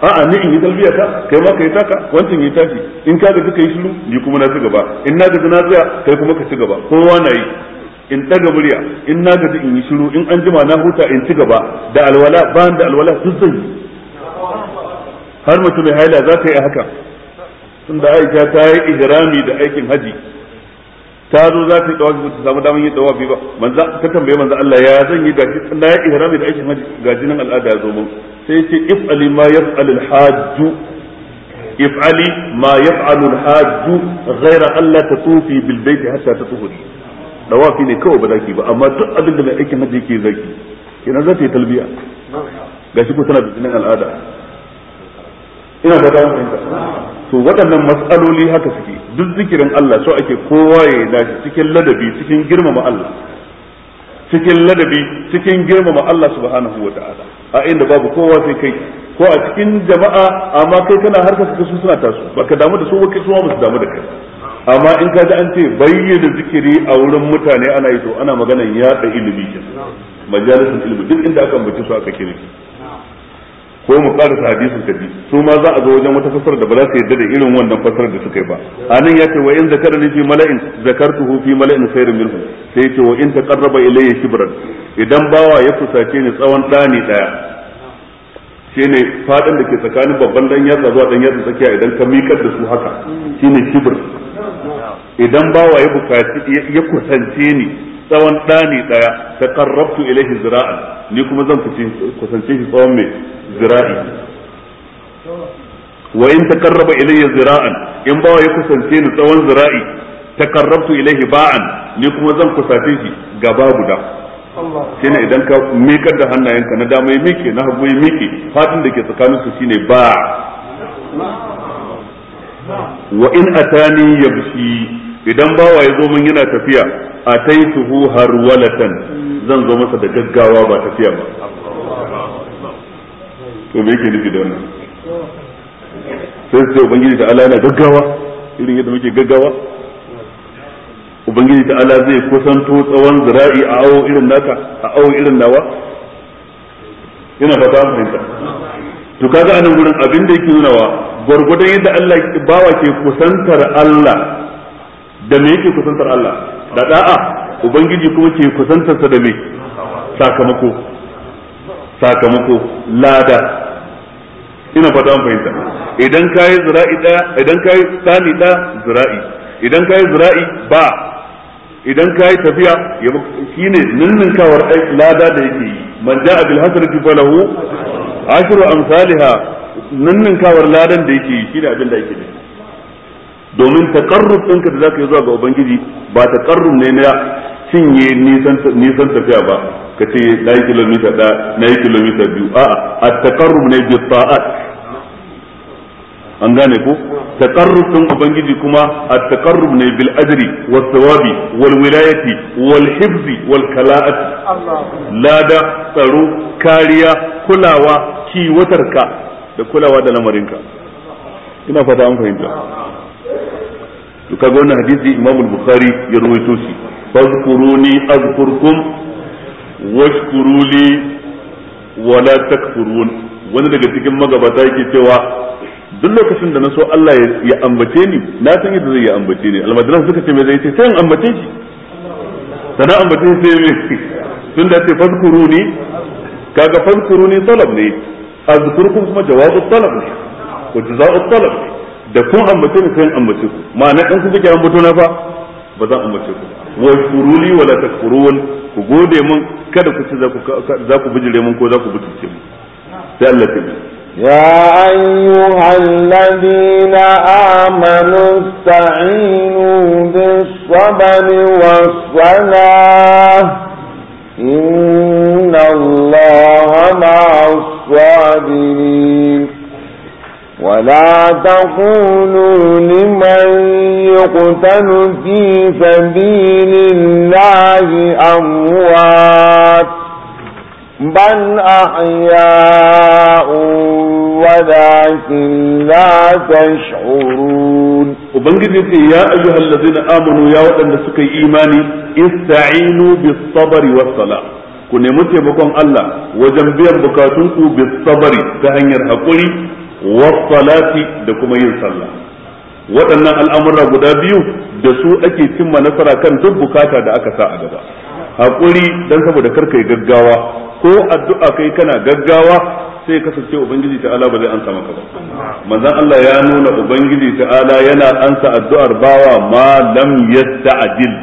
a'a ni in yi talbiya ta kai ma kai taka wancan yi tafi. in ka ga kai shiru ni kuma na ci gaba in na ga na tsaya kai kuma ka ci gaba kowa na yi in daga murya in na gaji in yi shiru in an jima na huta in ci gaba da alwala ba da alwala duk zan yi har mutum mai haila za ta yi haka da Aisha ta yi igrami da aikin haji ta zo za ta yi tawafi ta samu damar yin tawafi ba manza ta tambaye manza Allah ya zan yi gaji na ya ihrami da aikin haji gajinin al'ada ya zo mun sai ya ce if'ali ma yaf'alu al-hajju if'ali ma yaf'alu al-hajju ghayra Allah tatufi bil bayti hatta tatuhuri tawafi ne kawai ba zaki ba amma duk abin da mai aikin haji yake zaki kenan za ta yi talbiya gashi ko tana da jinin al'ada ina da dawo fahimta to waɗannan matsaloli haka suke duk zikirin Allah so ake kowa ya shi, cikin ladabi cikin girmama Allah cikin ladabi cikin girmama Allah subhanahu wa ta'ala a inda babu kowa sai kai ko a cikin jama'a amma kai kana harka suka su suna tasu baka damu da su ba kai su ba su damu da kai amma in ka ji an ce bayyana zikiri a wurin mutane ana yi to ana maganan yaɗa ilimi kenan ilimi duk inda aka mutu su aka kirki ko mu hadisi ka kaji su ma za a zo wajen wata fasar da ba za su yadda da irin wannan fasar da suka yi ba anan ya ce wa in zakarni fi mala'in zakartuhu fi mala'in khairun minhu sai ce wa in taqarraba ilayya shibran idan bawa ya kusace ni tsawon dani daya shine fadin da ke tsakanin babban dan yatsa zuwa dan yatsa tsakiya idan ka miƙar da su haka shine shibir idan bawa ya bukaci ya kusance ni tsawon ɗani ɗaya ta karrabtu ilaihi zira'an ni kuma zan kusance shi tsawon mai zira'i wa in ta karraba ilaihi zira'an in bawa ya kusance ni tsawon zira'i ta karrabtu ilaihi ba'an ni kuma zan kusace shi gaba guda ne idan ka mikar da hannayenka na dama ya na hagu ya miki fatin da ke tsakanin su shine ba wa in atani yabshi idan bawa ya zo mun yana tafiya a har walatan zan zo masa da gaggawa ba tafiya ba to me yake nufi da wannan sai sai ubangiji ta ala yana gaggawa irin yadda muke gaggawa ubangiji ta ala zai kusanto tsawon zira'i a awo irin naka a awo irin nawa ina fata mu fahimta to kaga anan gurin abin da yake nunawa gwargwadon yadda Allah bawa ke kusantar Allah da me yake kusantar Allah da da'a ubangiji kuma ke kusantarsa da me sakamako sakamako lada ina fata an fahimta idan kayi zira'i da idan kayi tsani da zira'i idan kayi zira'i ba idan kayi tafiya ya shine ninninkawar lada da yake yi man ja'a bil hasanati falahu ashru amsalha ninninkawar ladan da yake yi shine abin da yake yi domin takarrub ɗinka da ka yi zuwa ga ubangiji ba takarrub ne na cinye nisan tafiya ba ka ce na yi kilomita ɗaya na yi kilomita biyu a'a at takarrub ne bi ta'at an gane ko takarrub ɗin ubangiji kuma at takarrub ne bil ajri was sawabi wal wilayati wal hifzi wal kala'at lada tsaro kariya kulawa kiwatarka da kulawa da lamarinka ina fata an fahimta to kaga wannan hadisi Imam al-Bukhari ya rawaito shi fazkuruni azkurkum washkuruli wala takfurun wani daga cikin magabata yake cewa duk lokacin da na so Allah ya ambace ni na san yadda zai ya ambace ni almajiran suka ce me zai ce sai in ambace shi sana ambace shi sai me tun da ce fazkuruni kaga fazkuruni talab ne azkurkum kuma jawabu talab ne ko jazaa'u talab ne da kun ambace ni sai ambace ku ma'ana dan kuke kiran bato na fa ba zan ambace ku wa furuli wala takfurun ku gode mun kada ku ci za ku za ku bijire mun ko za ku bijire mun sai Allah ta yi يا أيها الذين آمنوا استعينوا بالصبر والصلاة إن الله مع الصابرين ولا تقولوا لمن يقتل في سبيل الله أموات بل أحياء ولكن لا تشعرون وبنجد يا أيها الذين آمنوا يا وقت النسك إيماني استعينوا بالصبر والصلاة ku nemi taimakon Allah wajen biyan bukatunku bis sabari ta hanyar wasalati da kuma yin sallah waɗannan al'amura guda biyu da su ake cimma nasara kan duk bukata da aka sa a gaba haƙuri don saboda karka yi gaggawa ko addu'a kai kana gaggawa sai kasance ubangiji ta'ala ba zai ansa maka ba manzon Allah ya nuna ubangiji ta'ala yana ansa addu'ar bawa ma lam yasta'dil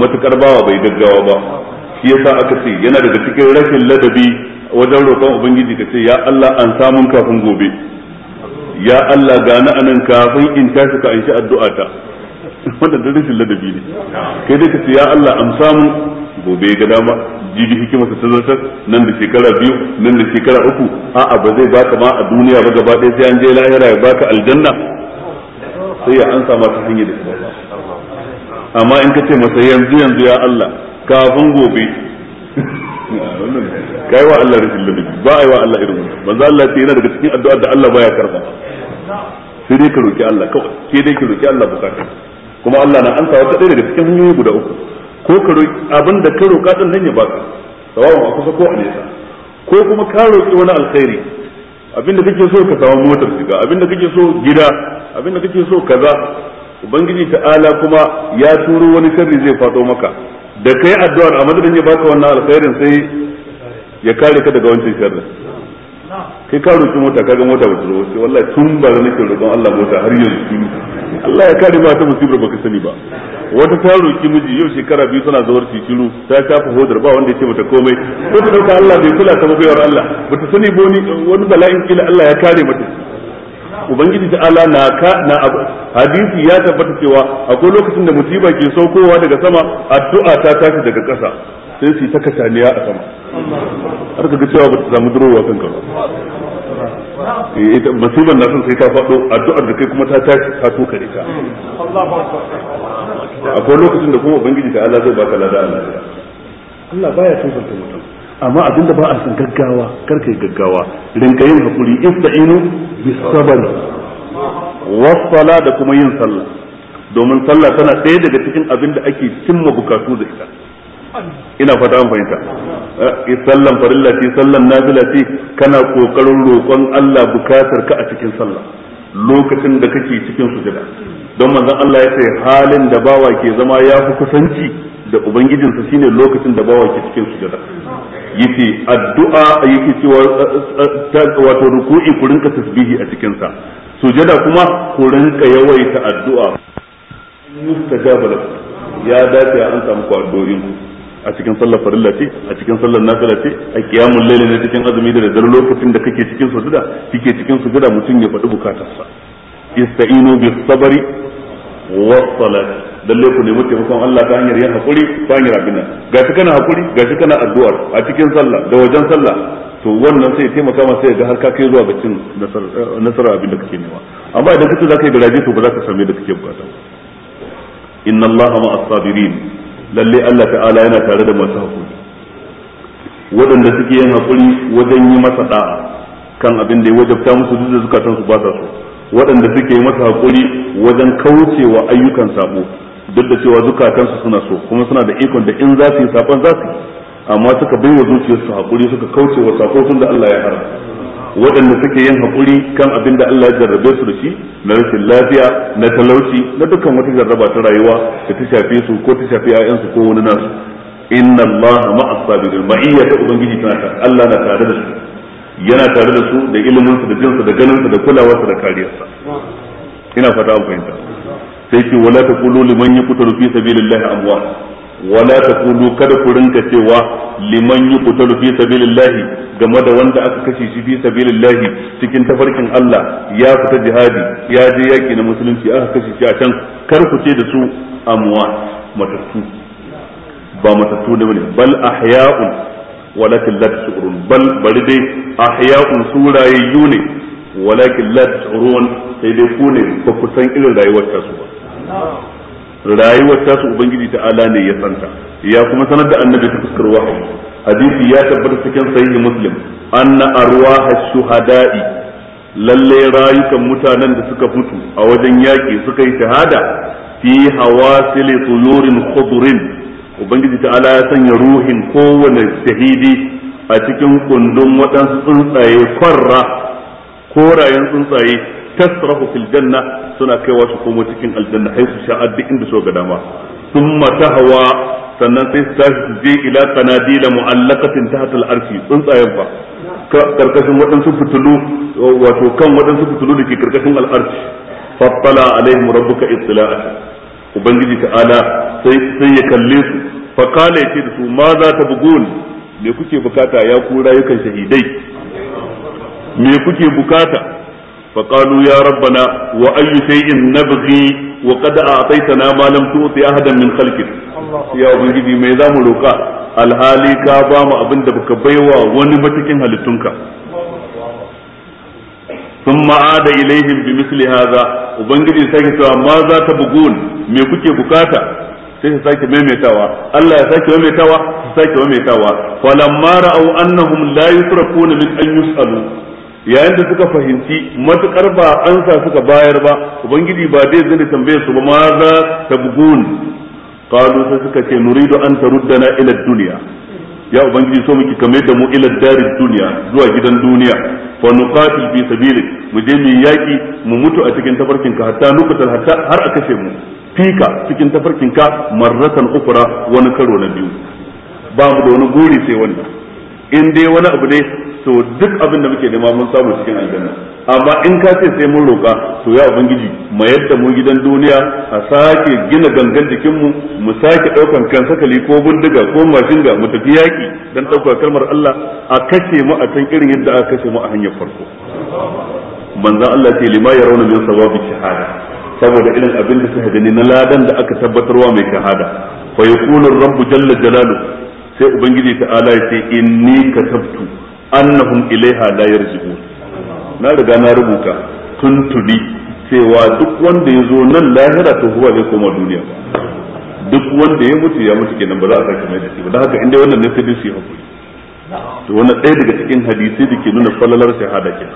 matukar bawa bai gaggawa ba shi yasa aka ce yana daga cikin rashin ladabi wajen roƙon ubangiji ka ce ya Allah an samun kafin gobe ya Allah gani anan kafin in tashi ka anshi addu'a ta wanda da rashin ladabi ne kai dai ka ce ya Allah amsa mu gobe ga dama jibi hikima ta zartar nan da shekara biyu nan da shekara uku a'a ba zai baka ma a duniya ba gaba ɗaya sai an je lahira ya baka aljanna sai ya ansa ma ta hanyar da amma in ka ce masa yanzu yanzu ya Allah kafin gobe kai wa Allah rashin ladabi ba ai wa Allah irin wannan manzo Allah ce yana daga cikin addu'ar da Allah baya karba sai dai ka roki Allah kawai ke dai ka roki Allah bukata kuma Allah na an sawa ɗaya daga cikin hanyoyi guda uku ko ka roki abin da ka roka din nan ya baka sawawan a kusa ko a nesa ko kuma ka roki wani alkhairi abinda kake so ka samu motar shiga abinda kake so gida abinda kake so kaza ubangiji ta'ala kuma ya turo wani sharri zai fado maka da kai addu'a a madadin ya baka wannan alkhairin sai ya kare ka daga wancan sharrin sai ka rufe mota ka ga mota ba ta zo sai wallahi tun da nake roƙon Allah mota har yanzu Allah ya kare mata musibar baka sani ba wata ta roki miji yau shekara biyu tana zuwar shiru ta shafa hodar ba wanda yake mata komai ko ta dauka Allah bai kula ta bayar Allah ta sani boni wani bala'in kila Allah ya kare mata ubangiji ta ala na ka na hadisi ya tabbata cewa akwai lokacin da musiba ke saukowa daga sama addu'a ta tashi daga ƙasa sai su yi ta kasaniya a sama har ka ga cewa ba ta samu durowa kanka ba eh, musibar na son sai ta faɗo addu'ar da kai kuma ta tashi ta so kare ta akwai lokacin da kuma ubangiji ta Allah zai baka lada Allah Allah baya son ta mutum amma abin da ba a san gaggawa kar yi gaggawa rinka yin hakuri ista'inu bis sabr was da kuma yin sallah domin sallah tana ɗaya daga cikin abin da ake cimma bukatu da ita ina fata an fahimta eh, sallan farilla ce sallan nafila ce kana kokarin roƙon Allah bukatar ka a cikin sallah lokacin da kake cikin sujada don manzon Allah ya ce halin da bawa ke zama ya fi kusanci da ubangijinsa shine lokacin da bawa ke cikin sujada yace addu'a yake cewa eh, eh, wato ruku'i ku rinka tasbihi a cikin sa sujada kuma ku rinka yawaita addu'a mustajabala ya dace an samu ku addu'o'in a cikin sallar farilla ce a cikin sallar nafila ce a kiyamul laili ne cikin azumi da daddare lokacin da kake cikin sujuda kike cikin sujuda mutum ya faɗi bukatarsa istainu bis sabri wa salat lalle ku nemi taimakon Allah ta hanyar yin hakuri ta hanyar abin nan gashi kana hakuri gashi kana addu'a a cikin sallah da wajen sallah to wannan sai taimaka ma sai ga har ka kai zuwa ga cin nasara eh, abin da kake nema amma idan kace zaka yi garaje to ba za ka same da kake bukata inna allaha ma'as sabirin lalle Allah ta'ala yana tare da masu hakuri waɗanda suke yin hakuri wajen yi masa da'a kan abin da ya wajabta musu duk da san su ba sa so waɗanda suke yi masa hakuri wajen kaucewa ayyukan sabo duk da cewa zukatansu suna so kuma suna da ikon da in za su yi sabon za su amma suka baiwa zuciyarsu hakuri suka kaucewa sako tun da Allah ya haramta waɗanda suke yin haƙuri kan abin da Allah ya jarrabe su da shi na rashin lafiya na talauci na dukkan wata jarraba ta rayuwa da ta shafe su ko ta shafi ko wani nasu inna Allah ma'as sabirin ma'iyya ta ubangiji tana ta Allah na tare da su yana tare da su da ilimin su da jinsu da ganin su da kulawar su da kariyarsa ina fata an fahimta sai ce wala taqulu liman yaqtulu fi sabilillahi amwat wala taqulu kada ku rinka cewa liman yuqtalu fi sabilillahi game da wanda aka kashe shi fi sabilillahi cikin tafarkin Allah ya fita jihadi ya je yaki na musulunci aka kashe shi a can kar ku ce da su amwa matattu ba matattu ne bane bal ahya'un walakin la tashurun bal bari dai ahya'un surayayyu ne walakin la tashurun sai dai ku ne ba ku san irin rayuwar ta su ba rayuwar tasu ubangiji ta ala ne ya santa ya kuma sanar da annabi ta fuskar wahayi hadisi ya tabbata cikin sahihi muslim anna ash shuhada'i lalle rayukan mutanen da suka futu a wajen yaki suka yi shahada fi hawasil tuyurin khudurin ubangiji ta ala ya sanya ruhin kowane shahidi a cikin kundin waɗansu tsuntsaye kwarra korayen tsuntsaye tasrahu fil suna kaiwa su komo cikin aljanna hay su sha'a duk inda so ga dama sannan sai su su je ila qanadila mu'allaqatin tahta al-arshi tsuntsayen fa karkashin waɗansu fitulu wato kan waɗansu fitulu da ke karkashin al'arshi fattala a rabbuka ittila'ata ubangiji ta'ala sai sai ya kalle su yace da su ma za ta me kuke ya shahidai me kuke bukata فقالوا يا ربنا وأي شيء نبغي وقد أعطيتنا ما لم تؤت أحدا من خلقك يا أبنجي ما يزام لوكا الهالي كابا ما أبن دبك بيوا ونمتكين هلتنك ثم عاد إليهم بمثل هذا وبنجي ساكي سوا ماذا تبغون ميكوكي بكاتا sai su sake maimaitawa Allah ya sake maimaitawa su sake maimaitawa falamma ra'au annahum la yusrafuna min an yus'alu yayin da suka fahimci matukar ba an sa suka bayar ba ubangiji ba dai zai tambaye su ba ma za ta bugun qalu sai suka ce nuridu an taruddana ila dunya ya ubangiji so muke kame da mu ila darid dunya zuwa gidan duniya fa nuqati fi sabilik mu je mu yaki mu mutu a cikin tafarkin ka hatta nuqatal hatta har a kashe mu fika cikin tafarkin ka marratan ukra wani karo na biyu ba mu da wani gori sai wannan in dai wani abu ne to duk abin da muke nema mun samu cikin aljanna amma in ka ce sai mun roka to ya ubangiji mu yadda mu gidan duniya a sake gina gangan jikin mu mu sake daukan kansakali ko bindiga ko mashinga mu tafi yaki dan daukar kalmar Allah a kashe mu a kan irin yadda aka kashe mu a hanyar farko manzon Allah ce lima ya rauna min sababi shahada saboda irin abin da suka gani na ladan da aka tabbatarwa mai shahada fa yakunu rabbu jalla jalalu sai ubangiji ta'ala ya ce inni katabtu annahum ilaiha la yarji'un na riga na rubuta tuntuni cewa duk wanda ya zo nan lahira to huwa zai koma duniya duk wanda ya mutu ya mutu kenan ba za a sake mai da shi ba don haka inda wannan ne sai dai su yi hakuri to wannan ɗaya daga cikin hadisai da ke nuna falalar shahada ke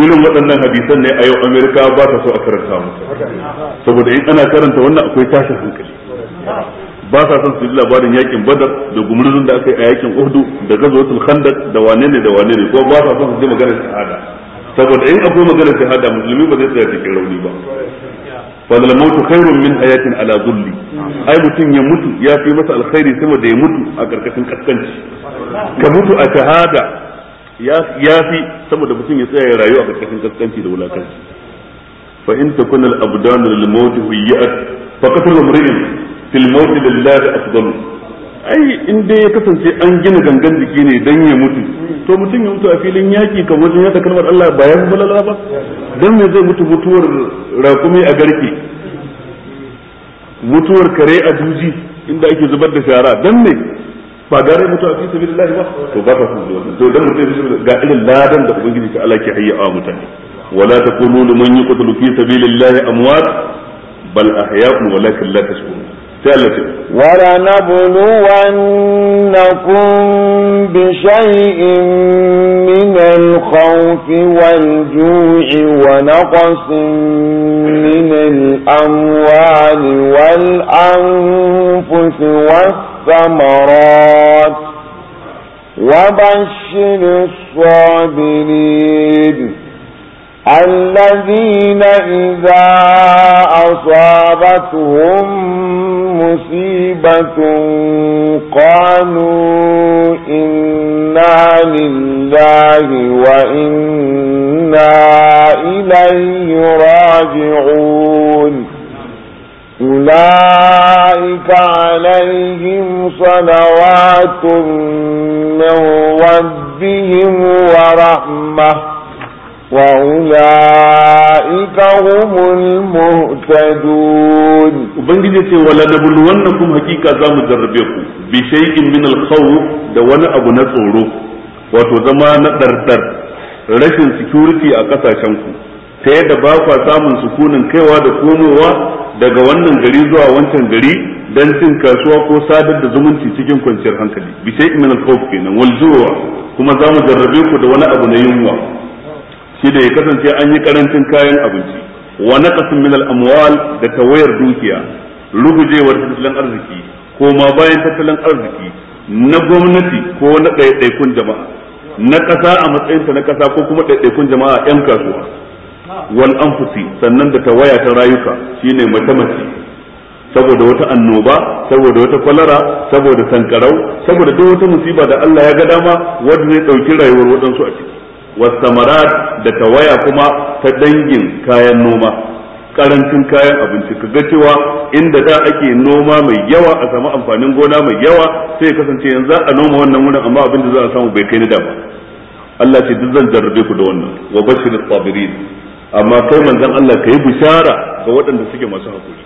irin waɗannan hadisan ne a yau Amerika ba ta so a karanta musu saboda in ana karanta wannan akwai tashin hankali ba sa son su ji labarin yakin badar da gumurzun da aka yi a yakin uhdu da gazawatul khandaq da wane ne da wane ne ko ba sa son su ji maganar shahada saboda in akwai maganar shahada musulmi ba zai tsaya cikin rauni ba fadal mautu khairun min hayatin ala dhulli ai mutum ya mutu ya fi masa alkhairi sama da ya mutu a karkashin kaskanci ka mutu a shahada ya fi sama da mutum ya tsaya rayuwa a karkashin kaskanci da wulakanci fa in takuna al abdanu lil mautu huyyat fa qatlu mar'in fil mawti lillahi afdalu ai in dai ya kasance an gina gangan jiki ne dan ya mutu to mutum ya mutu a filin yaki kan wajen ya kalmar Allah ba ya bulala ba dan me zai mutu mutuwar rakumi a garke mutuwar kare a duji inda ake zubar da shara dan me ba gare mutu a fi sabilillah ba to ba ta kuma to dan mutum ga irin ladan da ubangiji ta Allah ke hayyawa mutane wala takunu liman yuqtalu fi sabilillah amwat bal ahya'un walakin la tashkurun ولنبلونكم بشيء من الخوف والجوع ونقص من الأموال والأنفس والثمرات وبشر الصابرين الذين إذا أصابتهم مصيبة قالوا إنا لله وإنا إليه راجعون أولئك عليهم صلوات من ربهم ورحمه وأولئك هم المهتدون وبنجي ce wala nabluwannakum hakika zamu jarrabe ku bi shay'in min da wani abu na tsoro wato zama na rashin security a ƙasashen ku ta yadda ba kwa samun sukunin kaiwa da komowa daga wannan gari zuwa wancan gari dan cin kasuwa ko sadar da zumunci cikin kwanciyar hankali bi shay'in min kenan wal kuma zamu jarrabe ku da wani abu na yunwa shi da ya kasance an yi karancin kayan abinci wa naqasin min al-amwal da tawayar dukiya rugujewar tattalin arziki ko ma bayan tattalin arziki na gwamnati ko na ɗaiɗaikun jama'a na ƙasa a matsayinta na ƙasa ko kuma ɗaiɗaikun jama'a ƴan kasuwa wal anfusi sannan da tawaya ta rayuka shine mace mace saboda wata annoba saboda wata kwalara saboda sankarau saboda duk wata musiba da Allah ya ga dama wanda zai ɗauki rayuwar waɗansu a ciki wasamarat da tawaya kuma ta dangin kayan noma karancin kayan abinci ka ga cewa inda da ake noma mai yawa a samu amfanin gona mai yawa sai kasance yanzu za a noma wannan wurin amma abin da za a samu bai kai ni da ba Allah ce duk zan jarrabe ku da wannan wa bashir sabirin amma kai manzon Allah kai bishara ga waɗanda suke masu hakuri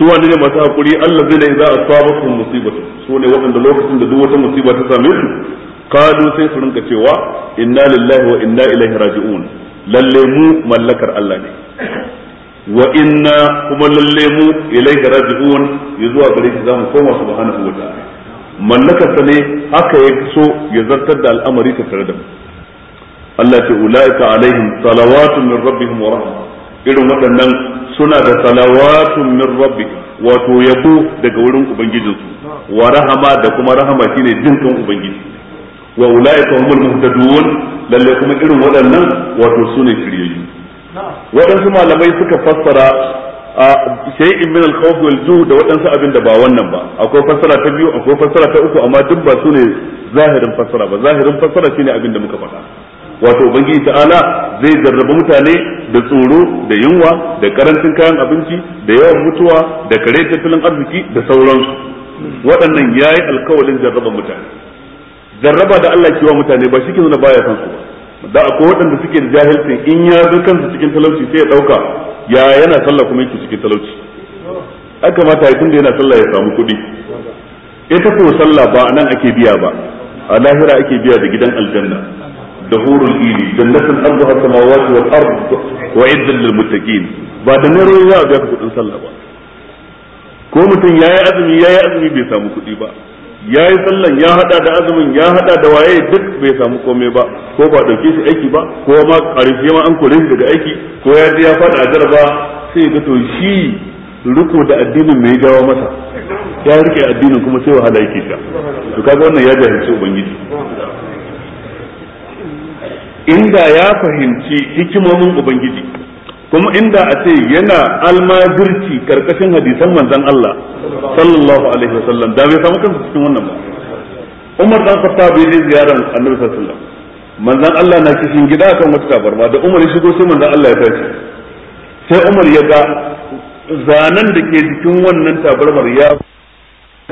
su wanda ne masu hakuri Allah zai ne za a saba su musibatu su ne waɗanda lokacin da duk wata musiba ta same su qalu sai su rinka cewa inna lillahi wa inna ilaihi raji'un lalle mu mallakar Allah ne wa inna kuma lalle mu ilaihi raji'un zuwa gare shi zamu koma subhanahu wa ta'ala mallakar ta ne haka ya so ya zartar da al'amari ta tare da mu Allah ce ulaika alaihim salawatun min rabbihim wa rahmah irin waɗannan suna da salawatun min rabbi wato yabo daga wurin ubangijinsu wa rahama da kuma rahama shine jinkan ubangiji wa ulaika humul muhtadun lalle kuma irin waɗannan wato sune shiryayyu waɗansu malamai suka fassara a shay'in min al-khawf wal da waɗansu abin da ba wannan ba akwai fassara ta biyu akwai fassara ta uku amma duk ba sune zahirin fassara ba zahirin fassara shine abin da muka faɗa wato ubangiji ta'ala zai jarraba mutane da tsoro da yunwa da karancin kayan abinci da yawan mutuwa da kare tattalin arziki da sauransu waɗannan ya yi alkawalin jarraba mutane jarraba da Allah ke wa mutane ba shi ke nuna baya san su da akwai waɗanda suke da jahilci in ya zo kansu cikin talauci sai ya ɗauka ya yana sallah kuma yake cikin talauci ai kamata tun da yana sallah ya samu kuɗi ita ko sallah ba nan ake biya ba a lahira ake biya da gidan aljanna da hurul ili jannatin arduha samawati wal ard wa iddan lil muttaqin ba da ne za a biya kuɗin sallah ba ko mutum yayi azumi yayi azumi bai samu kuɗi ba ya yi sallan ya hada da azumin ya hada da waye duk bai samu komai ba ko ba dauke shi aiki ba ko ma karshe ma an kore shi daga aiki ko ya je ya fada a jarba sai ga to shi ruku da addinin mai jawo masa ya rike addinin kuma sai wahala yake ta to kaga wannan ya jahilci ubangiji inda ya fahimci hikimomin ubangiji kuma inda a ce yana almajirci karkashin hadisan manzon Allah sallallahu alaihi wasallam da bai samu kansa cikin wannan ba Umar dan Khattab bai je ziyaran Annabi sallallahu alaihi wasallam manzon Allah na cikin gida kan wata tabarma da Umar ya shigo sai manzon Allah ya tashi sai Umar ya ga zanan da ke cikin wannan tabarmar ya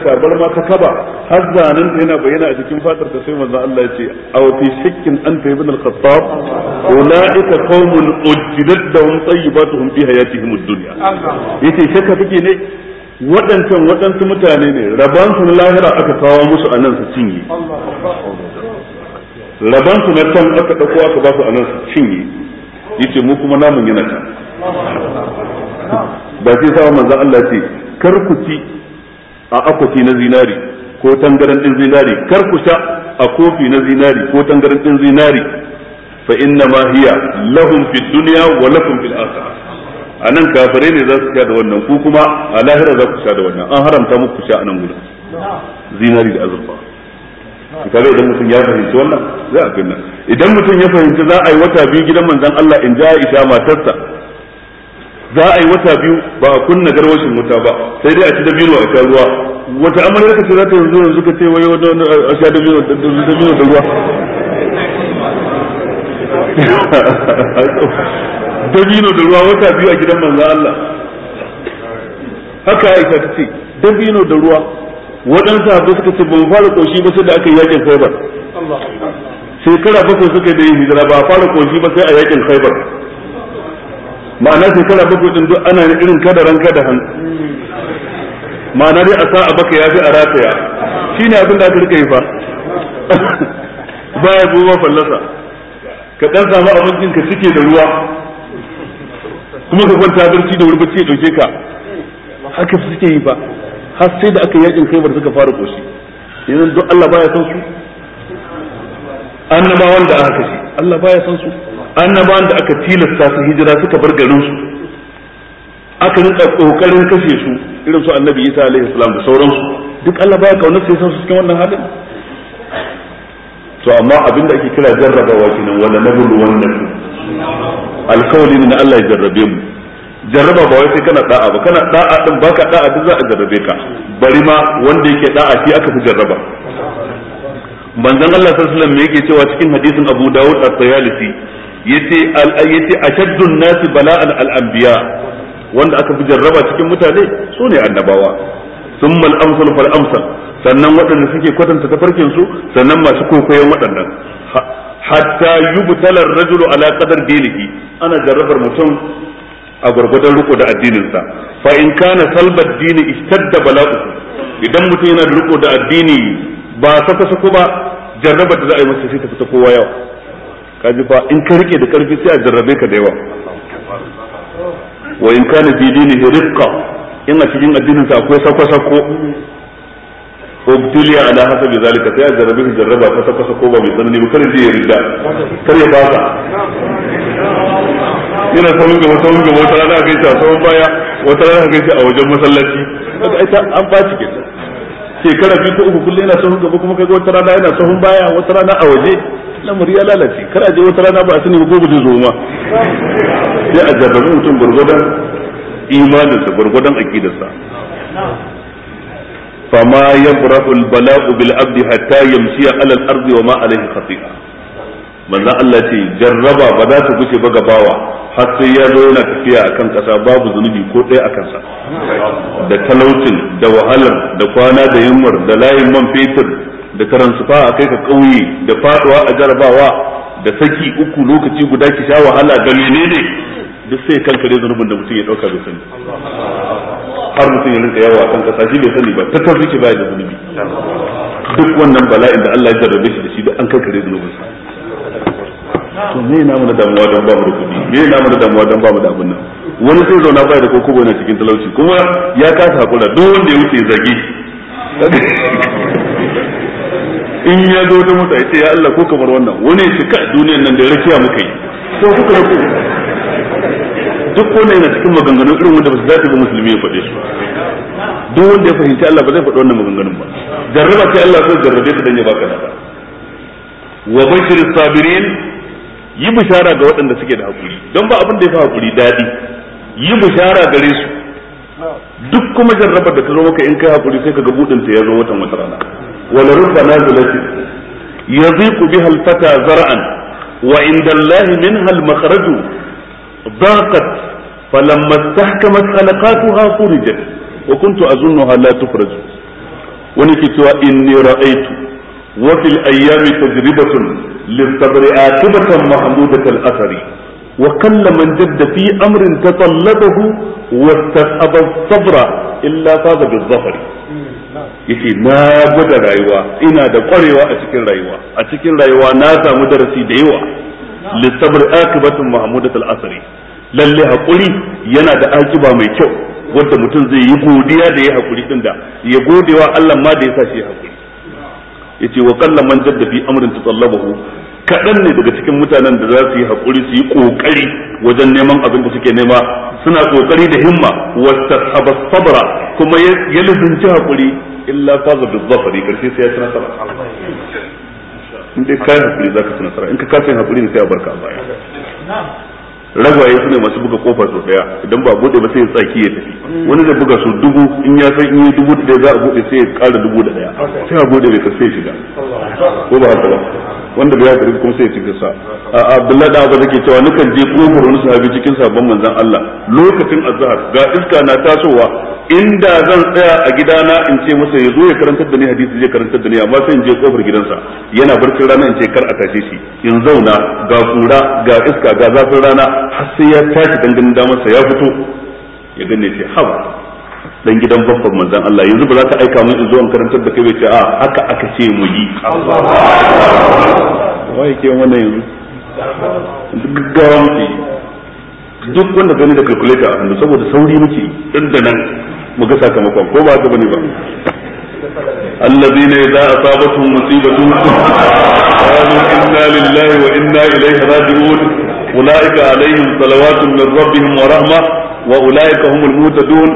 tabar ma ta kaba har zanen da yana bayyana a cikin fadar ta sai manzo Allah ya ce aw fi shakkin anta ibn al-khattab ulaika qaumun da lahum tayyibatuhum fi hayatihim ad-dunya yace shakka take ne waɗancan waɗansu mutane ne raban sun lahira aka kawo musu a nan su cinye raban sun tan aka ɗauko aka ba su a nan su cinye yace mu kuma namun yana ta ba sai sa manzo Allah ce kar ku ci a akwati na zinari ko tangaran din zinari kar ku sha a kofi na zinari ko tangaran din zinari fa inna ma hiya lahum fi dunya wa lakum fil akhirah anan kafare ne za su sha da wannan ku kuma a lahira za ku sha da wannan an haramta muku sha anan gudu zinari da azurfa kare idan mutum ya fahimci wannan za a kunna idan mutum ya fahimci za a yi wata biyu gidan manzon Allah in ja Aisha matarsa za a yi wata biyu ba a kunna garwashin wuta ba sai dai a ci dabino a sha ruwa wata amarya ka ce za ta yanzu yanzu ka ce wai wani a sha dabino dabino da ruwa dabino da ruwa wata biyu a gidan manzo Allah haka Aisha ta ce dabino da ruwa waɗansu abu suka ce ban fara koshi ba sai da aka yi yakin Khaibar shekara bakwai suka da yin hijira ba a fara koshi ba sai a yakin Khaibar ma'ana shekara bakwai din duk ana ne irin kadaran hannu ma'ana dai a sa'a baka ya fi a rataya shine abin da aka rika yi fa baya zuwa fallasa ka dan samu abincin ka cike da ruwa kuma ka kwanta barci da wurbaci bacci ya dauke ka haka suke yi ba har sai da aka yakin bar suka fara koshi yanzu duk Allah baya san su annabawan da aka kashe Allah baya san su annabawan da aka tilasta su hijira suka bar garin su aka yi kokarin kashe su irin su annabi isa alaihi salam da sauransu duk Allah baya kauna sai san su cikin wannan halin to amma abin da ake kira jarrabawa kenan wala nabul wannan alkawli ne na Allah ya jarrabe mu jarraba ba wai sai kana da'a ba kana da'a din baka da'a duk za a jarrabe ka bari ma wanda yake da'a shi aka fi jarraba manzon Allah sallallahu alaihi wasallam yake cewa cikin hadisin Abu Dawud at-Tayalisi yace yace ashaddun nasi bala'an al-anbiya wanda aka fi jarraba cikin mutane su ne annabawa summa al-amsal fal amsal sannan waɗanda suke kwatanta tafarkin su sannan masu kwaikwayon waɗannan hatta yubtala ar-rajulu ala qadar dinihi ana jarrabar mutum a gwargwadon riko da addininsa fa in kana salbad dini da bala'u idan mutum yana da riko da addini ba saka sako ba jarrabar da za a yi masa sai ta fita kowa yawa kaji fa in ka rike da karfi sai a jarrabe ka da yawa wa in kana fi dini riqqa in a cikin addinin sa akwai sako sako ubtiliya ala hasab zalika sai a jarrabe ka jarraba ka sako sako ba mai sanani ba kada ya rida kar ya fasa ina sauran gaba wata gaba wata rana kai ta a baya wata rana kai shi a wajen masallaci kaga ita an baci kenan shekara biyu ko uku kullum yana sahun gaba kuma ga wata rana yana sahun baya wata rana a waje lamari ya lalace kar a je wata rana ba a sani ba gobe zai zo ma sai a jarrabi mutum gurgudan imaninsa gurgudan aqidarsa bil 'abdi hatta بالعبد 'ala al-ardi wa ma 'alayhi khati'a manzo Allah ce jarraba ba za ta guce ba gabawa har sai ya zo yana tafiya akan kasa babu zunubi ko ɗaya a kansa da talaucin da wahalar da kwana da yunwar da layin man fetur da karansufa a kai ka ƙauye da faduwa a jarabawa da saki uku lokaci guda ki sha wahala ga menene duk sai kanka dai zanubin da mutum ya dauka bai sani har mutum ya rinka yawa kan kasa shi bai sani ba ta tafi ki baya da zanubi duk wannan bala'in da Allah ya jarabe shi da shi duk an kankare zanubin sa to me yana mana damuwa don ba mu da kuɗi me yana mana damuwa don ba mu da abin nan wani sai zauna baya da koko na cikin talauci kuma ya kasa hakura duk wanda ya wuce zage in ya zo da mutu ya ce ya Allah ko kamar wannan wani shi ka duniyar nan da rakiya muka yi ko kuka rako duk wannan yana cikin maganganu irin wanda ba su dace ga musulmi ya faɗe su duk wanda ya fahimci Allah ba zai faɗi wannan maganganun ba jarraba sai Allah sai jarrabe ka dan ya baka nada wa bashirin sabirin yi bishara ga waɗanda suke da hakuri don ba abin da ya fi hakuri daɗi yi bishara gare su duk kuma jarrabar da ta zo maka in kai hakuri sai ka ga budin ta ya zo watan wata rana ولرب نازلة يضيق بها الفتى زرعا وعند الله منها المخرج ضاقت فلما استحكمت خلقاتها فرجت وكنت أظنها لا تخرج ونكت إني رأيت وفي الأيام تجربة للصبر عاقبة محمودة الأثر وكل من جد في أمر تطلبه واستسأب الصبر إلا فاز بالظفر yace na gwada rayuwa ina da kwarewa a cikin rayuwa a cikin rayuwa na samu darasi da yawa lissabar akibatun mahmudat al'asari lalle haƙuri yana da akiba mai kyau wanda mutum zai yi godiya da ya hakuri ɗin da ya godewa Allah ma da ya sa shi hakuri yace wa kallaman jaddafi amrin tatallabahu kaɗan ne daga cikin mutanen da za su yi haƙuri su yi ƙoƙari wajen neman abin da suke nema suna ƙoƙari da himma wasta sabra kuma ya lizinci haƙuri illa faza da zafari karshe sai ya ci nasara in dai kayan haƙuri za ka ci nasara in ka kasa yin haƙuri ne sai a barka a baya ragwaye su ne masu buga kofa sau daya idan ba bude ba sai ya tsaki ya tafi wani zai buga su dubu in ya san in yi dubu da za a bude sai ya kara dubu da daya sai a bude bai sai shiga ko ba haka ba wanda bai hadari kuma sai ya cikin sa Abdullahi da Abba zake cewa nukan je kofar wani sahabi cikin sabon manzon Allah lokacin azahar ga iska na tasowa inda zan tsaya a gidana in ce masa ya zo ya karantar da ni hadisi zai karantar da ni amma sai in je kofar gidansa yana barcin rana in ce kar a tashi shi in zauna ga kura ga iska ga zafin rana har sai ya tashi dangane sa ya fito ya gane ce haba dan gidan babban manzon Allah yanzu ba za ka aika mun zuwa karantar da kai ce a ah, haka aka ce mu yi wai ke wannan yanzu duk gawa muke duk wanda gani da calculator a hannu saboda sauri muke din da nan mu ga sakamakon ko ba ka bane ba الذين إذا أصابتهم مصيبة قالوا إنا لله وإنا إليه راجعون أولئك عليهم صلوات من ربهم ورحمة وأولئك هم المهتدون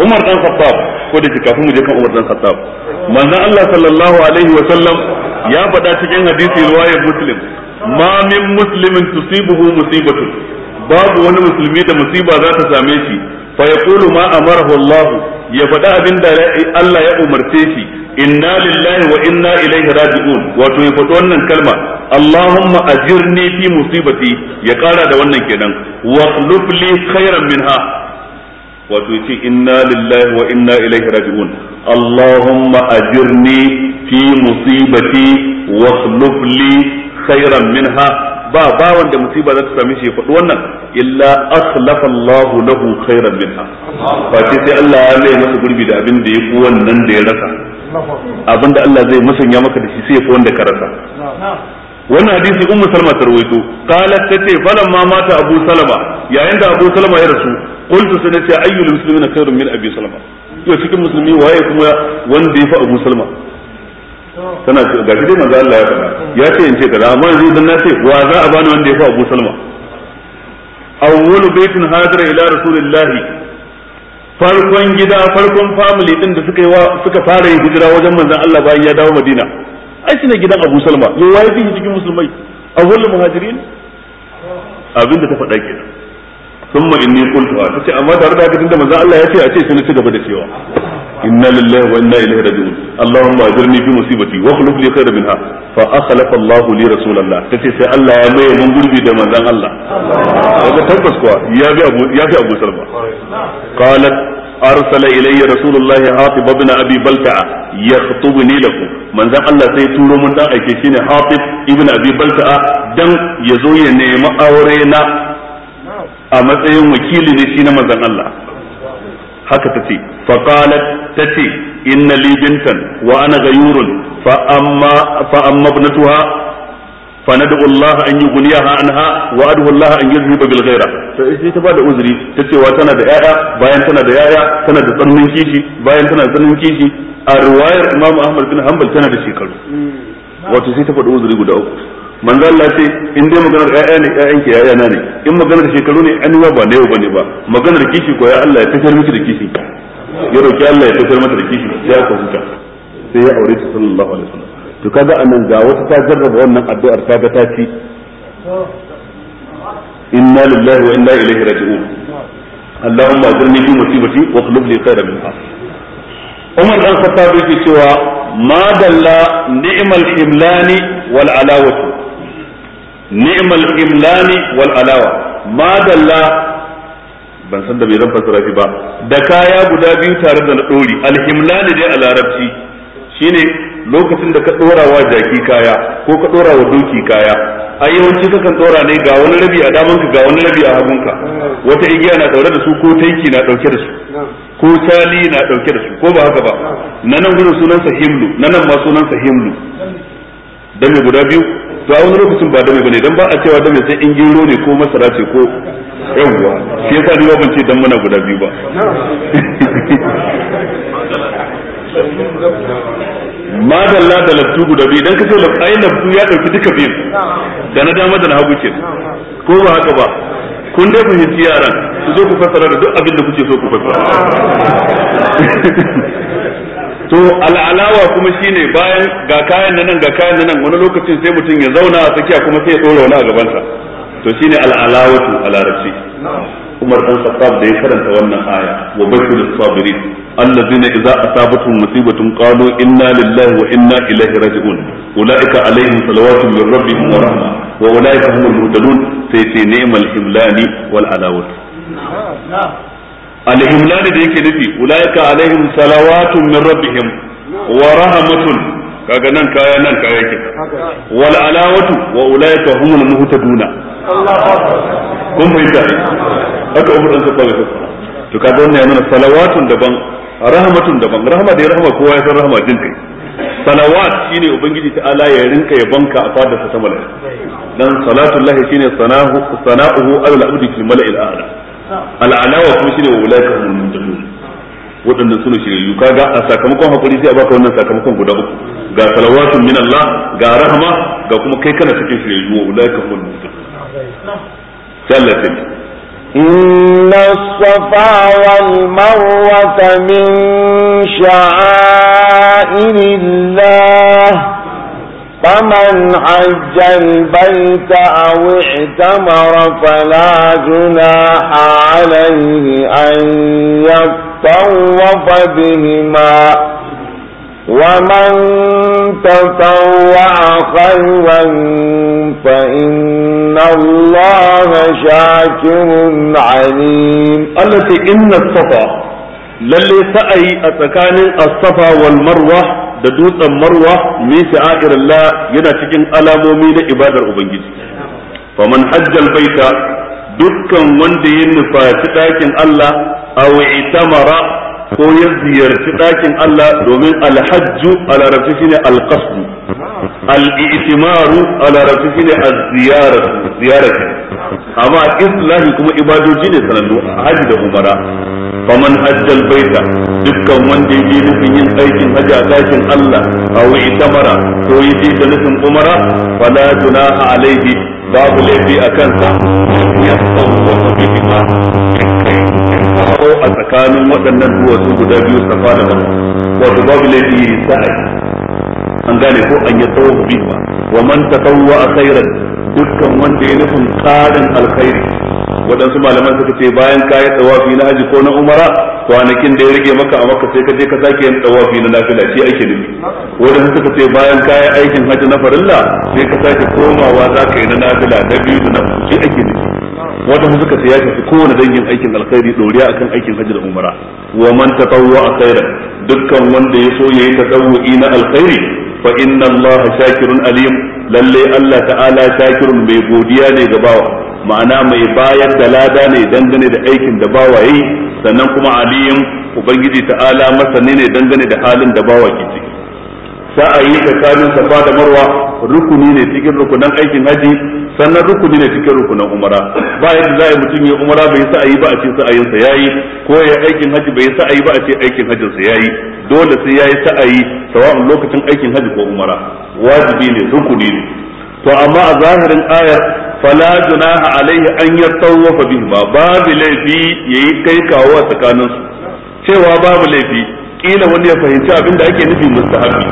Umar dan Khattab ko da kafin mu je kan Umar dan Khattab manzon Allah sallallahu alaihi wa sallam ya faɗa cikin hadisi riwayar Muslim ma min muslimin tusibuhu musibatu babu wani musulmi da musiba za ta same shi fa yaqulu ma amarahu Allah ya faɗa abin da Allah ya umarce shi inna lillahi wa inna ilaihi raji'un wato ya faɗi wannan kalma Allahumma ajirni fi musibati ya ƙara da wannan kenan wa li khairan minha wato yace inna lillahi wa inna ilaihi raji'un allahumma ajirni fi musibati wa akhlif li khairan minha ba ba wanda musiba za ta same shi ya wannan illa akhlafa Allahu lahu khairan minha fa sai Allah ya mai masa gurbi da abin da ya ku wannan da ya rasa Abinda Allah zai musanya maka da shi sai ya wanda ka rasa wannan hadisi ummu salma tarwaito rawaito qalat tace falamma mata abu salama yayin da abu salama ya rasu qultu sai nace ayyul muslimina khairun min abi salama yau cikin musulmi waye kuma wanda ya fi abu salama tana ga shi dai manzo Allah ya faɗa ya ce in ce kaza amma yanzu idan na ce wa za a bani wanda ya fi abu salama awwalu baitin hadara ila rasulillahi farkon gida farkon family din da suka yi suka fara yin hijira wajen manzon Allah bayan ya dawo Madina ai shine gidan Abu Salma yau waye cikin musulmai awwalu muhajirin abinda ta faɗa kenan thumma inni qultu ta ce amma tare da haka Allah ya ce a ce sai na ci gaba da cewa inna lillahi wa inna ilaihi raji'un allahumma ajirni fi musibati wa khuluf li khayran minha fa akhlafa Allah li rasulillah sai Allah ya mai mun gurbi da manzon Allah daga tabbas kuwa ya bi abu ya bi abu salma qalat arsala ilayya rasulullahi hatib ibn Allah sai turo mun dan aike shine hatib ibn dan ya nemi aure na a matsayin wakili ne shi na mazan Allah haka ta ce faqalat ta ce inna li wa ana ghayurun fa amma fa amma ibnatuha fa nad'u Allah an yughniyaha anha wa ad'u Allah an yuzhiba bil ghaira to sai ta bada uzuri ta wa tana da yaya bayan tana da yaya tana da tsannin kishi bayan tana da tsannin kishi a riwayar Imam Ahmad bin Hanbal tana da shekaru wato sai ta faɗi uzuri guda uku manzo Allah ce in dai maganar ƴaƴa ne ƴaƴan ki ƴaƴa na ne in maganar shekaru ne an wa ba ne yau bane ba maganar kishi ko ya Allah ya tafiyar miki da kishi ya roki Allah ya tafiyar mata da kishi sai aka huta sai ya aure ta sallallahu alaihi wasallam to kaga anan ga wata ta jarraba wannan addu'ar ta ga ta ci inna lillahi wa inna ilaihi raji'un اللهم اجرني في مصيبتي واخلف لي خيرا منها عمر بن الخطاب yake cewa ma dalla ni'mal himlani wal alawatu ni'mal imlani wal alawa madalla ban san da bai zan fasara ba da kaya guda biyu tare da na dori al himlani dai a larabci shine lokacin da ka dora wa jaki kaya ko ka dora wa doki kaya a yawanci kakan dora ne ga wani rabi a damanka ga wani rabi a hagunka wata igiya na daure da su ko taiki na dauke da su ko tali na dauke da su ko ba haka ba na nan sunan sunansa himlu na nan ma sunansa himlu dan guda biyu to a wani lokacin ba dame bane dan ba a cewa dame sai in gero ne ko masara ce ko yawwa shi yasa ni ban ce dan muna guda biyu ba ma dalla da lattu guda biyu dan kace ai laftu ya dauki duka biyu da na dama da na hagu ke ko ba haka ba kun dai fahimci yaran su zo ku fassara da duk abin da kuke so ku fassara to al'alawa kuma shine bayan ga kayan nan ga kayan nan wani lokacin sai mutum ya zauna a tsakiya kuma sai ya tsora wani a gabansa to shine al'alawatu a larabci Umar dan sabab da ya karanta wannan aya wa bashirus sabirin allazina idza asabatuhum musibatun qalu inna lillahi wa inna ilaihi raji'un ulaika alaihim salawatu min rabbihim wa rahma wa ulaika humul muhtadun sai ce ni'mal himlani wal alawatu al-himlan da yake nufi ulaika alaihim salawatun min rabbihim wa rahmatun kaga nan kaya nan kaya yake wal alawatu wa ulaika humul muhtaduna kun fahimta haka umar an saba ga to kaga wannan ya nuna salawatun daban rahmatun daban rahma da rahma kowa ya san rahma jin kai salawat shine ubangiji ta ala ya rinka banka a fadar sa ta mala'ika dan salatullahi shine sana'uhu alal abdi fil mala'il a'la al'alawa kuma shine wa ulaika humul muttaqun waɗanda suna shiryayyu kaga a sakamakon hakuri sai a baka wannan sakamakon guda uku ga salawatun min Allah ga rahama ga kuma kai kana cikin yi. wa ulaika humul muttaqun sai Allah ya إن الصفا والمروة من شعائر الله فمن حج البيت أو اعتمر فلا جناح عليه أن يطوف بهما ومن تطوع خيرا فإن الله شاكر عليم التي إن الصفا للي سأي أتكان الصفا والمروة da dutsen marwa min sha'airillah yana cikin alamomi na ibadar ubangiji faman hajjal baita dukkan wanda ya nufaci dakin Allah aw itamara ko ya ziyarci dakin Allah domin alhajju a larabci shine alqasd al-i'timaru a larabci shine az-ziyaratu ziyaratu amma islahi kuma ibadoji ne sanannu hajji da umara faman hajjal baita dukkan wanda yake nufin yin aikin haji a dakin Allah aw itamara ko yaje da nufin umara fala junaha alaihi babu laifi a kansa ya tsawo bihi ma ko a tsakanin waɗannan duwatsu guda biyu safa da marwa wato babu laifi ya sa'i an gane ko an ya tsawo bihi ma wa man tatawwa khairan dukkan wanda ya nufin karin alkhairi waɗansu malaman suka ce bayan ka yi tsawafi na haji ko na umara kwanakin da ya rage maka a maka sai ka je ka sake yin tsawafi na nafila shi ake nufi waɗansu suka ce bayan ka yi aikin haji na farilla sai ka sake komawa za ka yi na nafila na biyu da na shi ake nufi waɗansu suka ce ya shafi kowane dangin aikin alkhairi ɗoriya akan aikin haji da umara wa man a khairan dukkan wanda ya so ya ta tatawwu'i na alkhairi fa inna allaha shakirun alim lalle allah ta'ala shakirun mai godiya ne ga bawa ma'ana mai bayar da lada ne dangane da aikin da bawaye sannan kuma aliyin ubangiji ta'ala masani ne dangane da halin da bawa ke ciki sa'ayi tsakanin safa da marwa rukuni ne cikin rukunan aikin haji sannan rukuni ne cikin rukunan umara ba yadda za a yi mutum ya umara bai yi ba a ce sa'ayin sa yayi ko ya aikin haji bai yi ba a ce aikin hajin sa yayi dole sai yayi yi sawa'un lokacin aikin haji ko umara wajibi ne rukuni ne to amma a zahirin ayar fala junaha alaihi an yatawafa bihima babu laifi yayi kai kawo a tsakanin su cewa babu laifi kila wani ya fahimci abin da ake nufi mustahabi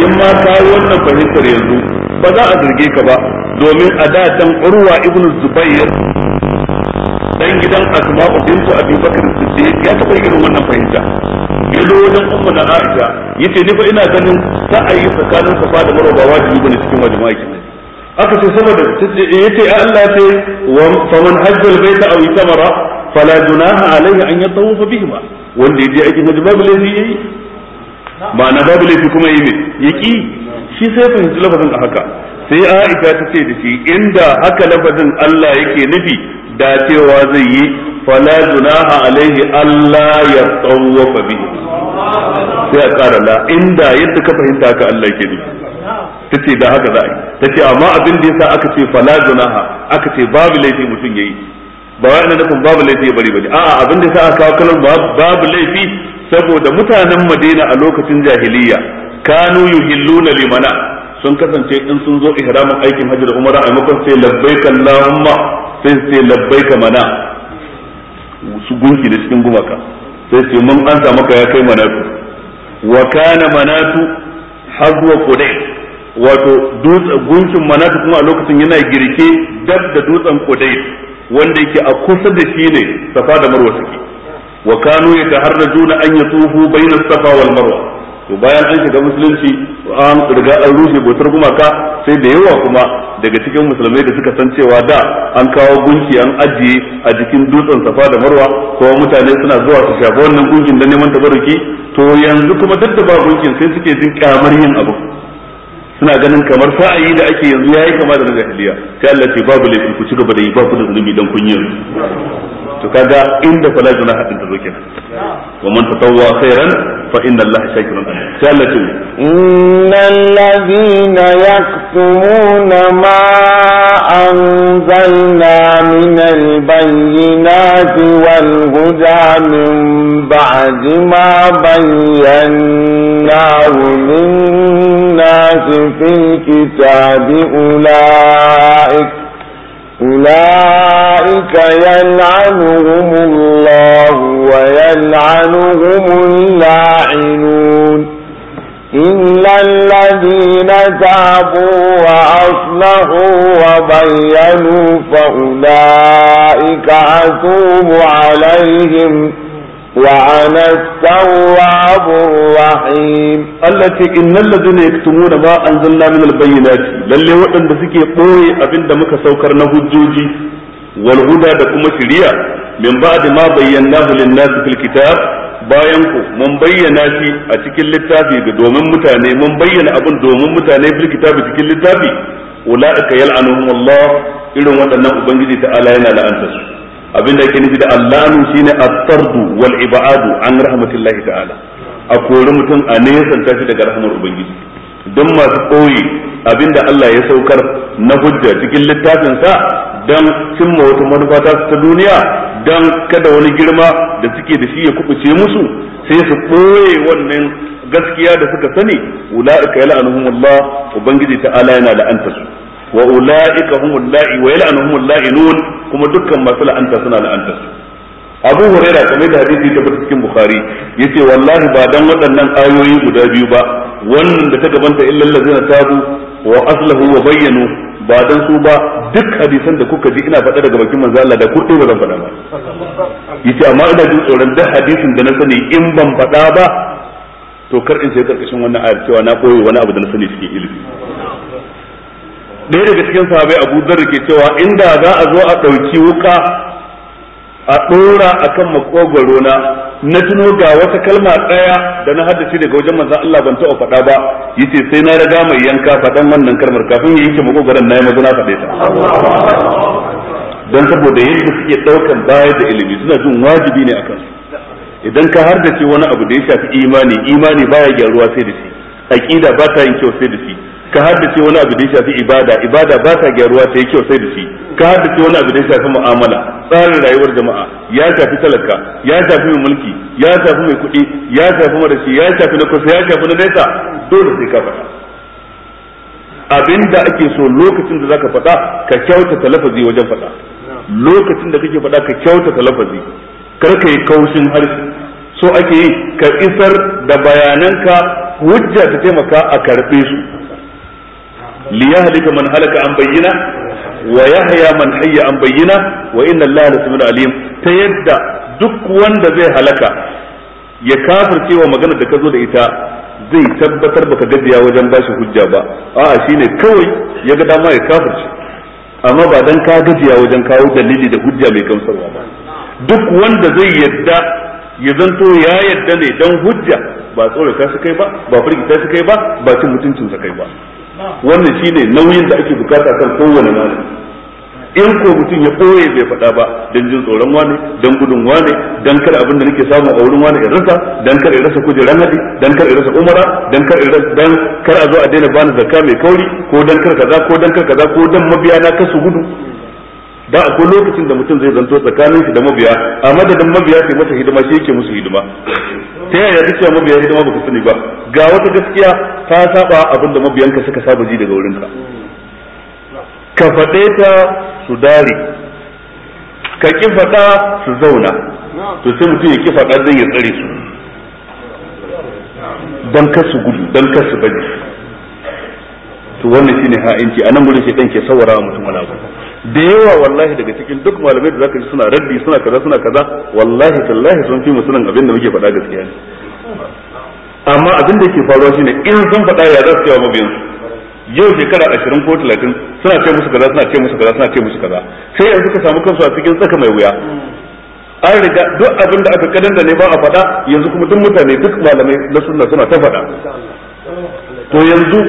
in ma ka wannan fahimtar yanzu ba za a zarge ka ba domin a da can urwa ibnu zubayr dan gidan asma'u bintu abi bakr siddiq ya taɓa irin wannan fahimta ya dan ummu na aisha yace ni fa ina ganin sa'ayi tsakanin safa da marwa ba wajibi bane cikin wajibi aka ce saboda yace Allah ce wa faman hajjal baita aw itamara fala junaha alaihi an yatawafa bihima wanda ya yaje aikin hajji babu laifi yayi ma'ana babu laifi kuma yi ne yaki shi sai fahimci lafazin a haka sai Aisha ta ce da shi inda haka lafazin Allah yake nufi da cewa zai yi fala junaha alaihi Allah ya tawafa bihima sai a kara la inda yadda ka fahimta ka Allah yake nufi ta ce da haka za a yi ta ce amma abin da yasa aka ce fala junaha aka ce babu laifi mutum yayi ba wai annabi nufin babu laifi ya bari a'a abin da yasa aka kawo kalmar babu laifi saboda mutanen Madina a lokacin jahiliya kanu yuhilluna limana sun kasance in sun zo ihramin aikin hajji da umara a makon sai labbaika allahumma sai sai labbaika mana su gunki da cikin gumaka sai sai mun an maka ya kai manatu wa kana manatu hazwa qudai wato dutsen gunkin manata kuma a lokacin yana girke dab da dutsen kudai wanda yake a kusa da shi ne safa da marwa take wa kanu yataharrajuna an yatufu bainas safa wal marwa to bayan an shiga musulunci an riga an rushe bautar gumaka sai da yawa kuma daga cikin musulmai da suka san cewa da an kawo gunki an ajiye a jikin dutsen safa da marwa ko mutane suna zuwa su shafa wannan gunkin don neman tabarruki to yanzu kuma duk da ba gunkin sai suke jin kyamar yin abu suna ganin kamar sa'ayi da ake yanzu yayi kama da daga hiliya sai Allah ce babu laifin ku ci gaba da yi babu da zunubi dan kun yi to kaga inda fala juna hadin da zo wa man tatawwa khairan fa inna Allah shakirun sai Allah ce innal ladina yaktumuna ma anzalna min al-bayyinati wal huda min ba'di ma bayyanahu lin في الكتاب أولئك أولئك يلعنهم الله ويلعنهم اللاعنون إلا الذين تابوا وأصلحوا وبينوا فأولئك أتوب عليهم وعن التواب الرحيم التي ان الذين يكتمون ما انزلنا من البينات للي ودن da suke boye abinda muka saukar na hujjoji walhuda da kuma shari'a min ba'd ma bayyana hu lin nas fil kitab bayan ku mun bayyana shi a cikin littafi ga domin mutane mun bayyana abin domin mutane fil kitab cikin littafi ulaika yal'anuhum Allah irin wadannan ubangiji ta'ala yana la'anta su abinda yake nufi da allanu shine at-tardu wal ibadu an rahmatillahi ta'ala a kori mutum a nesanta shi daga rahmar ubangiji don masu koyi abinda Allah ya saukar na hujja cikin littafin sa dan cimma wata manufa ta ta duniya dan kada wani girma da suke da shi ya kubuce musu sai su koye wannan gaskiya da suka sani ula'ika la'anuhumullah ubangiji ta'ala yana la'anta su wa ulaika humul la'i wa humul la'inun kuma dukkan masu la'anta suna la'anta Abu Huraira kamar da hadisi ta cikin Bukhari yace wallahi ba dan waɗannan ayoyi guda biyu ba wannan da ta gabanta illal ladzina tabu wa aslahu wa bayyanu ba dan su ba duk hadisan da kuka ji ina faɗa daga bakin manzo Allah da kurɗe ba zan faɗa ba yace amma ina jin tsoron duk hadisin da na sani in ban faɗa ba to kar in sai karkashin wannan ayar cewa na koyi wani abu da na sani cikin ilimi ɗaya daga cikin sahabai abu dar ke cewa inda za a zo a ɗauki wuka a ɗora a kan makogwaro na na tuno ga wata kalma ɗaya da na haddace daga wajen manzan Allah ban taɓa faɗa ba yace sai na raga mai yanka faɗan wannan kalmar kafin ya yanke makogwaron na yi maza na faɗe ta don saboda yadda suke ɗaukan baya da ilimi suna jin wajibi ne a kansu idan ka har wani abu da ya shafi imani imani baya gyaruwa sai da shi aƙida ba ta yin kyau sai da shi ka haddace wani abu da ya shafi ibada ibada ba ta gyaruwa ta yi kyau sai da shi ka haddace wani abu da ya shafi mu'amala tsarin rayuwar jama'a ya shafi talaka ya shafi mai mulki ya shafi mai kuɗi ya shafi marashi ya shafi na kusa ya shafi na nesa dole sai ka faɗa abinda ake so lokacin da zaka faɗa ka kyautata lafazi wajen faɗa lokacin da kake faɗa ka kyautata lafazi kar ka yi kaushin harshe so ake yi ka isar da bayananka hujja ta taimaka a karɓe su liyahlika man halaka an bayyana wa yahaya man hayya an bayyana wa inna allaha lasamiyun ta yadda duk wanda zai halaka ya kafirce wa maganar da ka zo da ita zai tabbatar baka gajiya wajen bashi hujja ba a'a shine kawai ya ga dama ya kafirce amma ba dan ka gajiya wajen kawo dalili da hujja mai gamsarwa ba duk wanda zai yadda ya zanto ya yadda ne dan hujja ba tsorata su kai ba ba firgita su kai ba ba cin mutuncin sa kai ba wannan shi ne nauyin da ake bukata kan kowane malami in ko mutum ya koye bai faɗa ba don jin tsoron wane don gudun wane don kar abin da nake samu a wurin wane in rasa dan kar in rasa kujeran hadi don kar in rasa umara dan kar in rasa kar a zo a daina bani zakka mai kauri ko don kar kaza ko don kar kaza ko don mabiya na kasu gudu da akwai lokacin da mutum zai zanto tsakanin shi da mabiya a madadin mabiya sai masa hidima shi yake musu hidima ta yaya duk cewa mabiya hidima ba ka sani ba ga wata gaskiya ta saba abin da mabiyanka suka saba ji daga wurinka ka faɗe ta su dare ka ki faɗa su zauna to sai mutum ya ki faɗa zai ya tsare su dan kar su gudu dan kar su bari to wannan shine ha'inci anan gurin shi dan ke saurawa mutum wani abu da yawa wallahi daga cikin duk malamai da zaka ji suna raddi suna kaza suna kaza wallahi tallahi sun fi musulun abin da muke faɗa gaskiya ne amma abin da ke faruwa shine in sun faɗa ya za su cewa mabiyan yau shekara ashirin ko talatin suna ce musu kaza suna ce musu kaza suna ce musu kaza sai yanzu ka samu kansu a cikin tsaka mai wuya an riga duk abin da aka kadanda ne ba a faɗa yanzu kuma duk mutane duk malamai na sunna suna ta faɗa to yanzu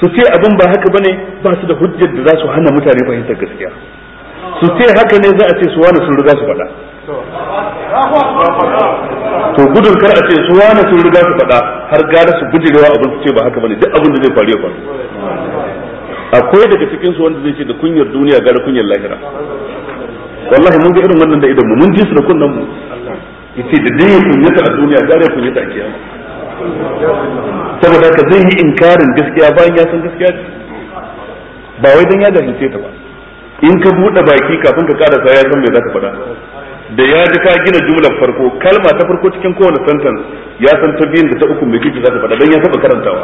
su ce abin ba haka bane ba su da hujjar da za su hana mutane fahimtar gaskiya su ce haka ne za a ce su wani sun riga su faɗa to gudun kar a ce su wani sun riga su faɗa har gara su gujewa abin su ce ba haka bane duk abin da zai faru ya faru akwai daga cikin su wanda zai ce da kunyar duniya gara kunyar lahira wallahi mun ga irin wannan da idan mu mun ji su da kunnan mu yace da dai kunyata a duniya gara kunyata a kiyama saboda ka zai yi inkarin gaskiya bayan ya san gaskiya ce ba wai dan ya jahilce ta ba in ka buɗe baki kafin ka sa ya san me za ka faɗa da ya ji ka gina jumlar farko kalma ta farko cikin kowane sentence ya san ta biyun da ta uku mai kike za ka faɗa dan ya saba karantawa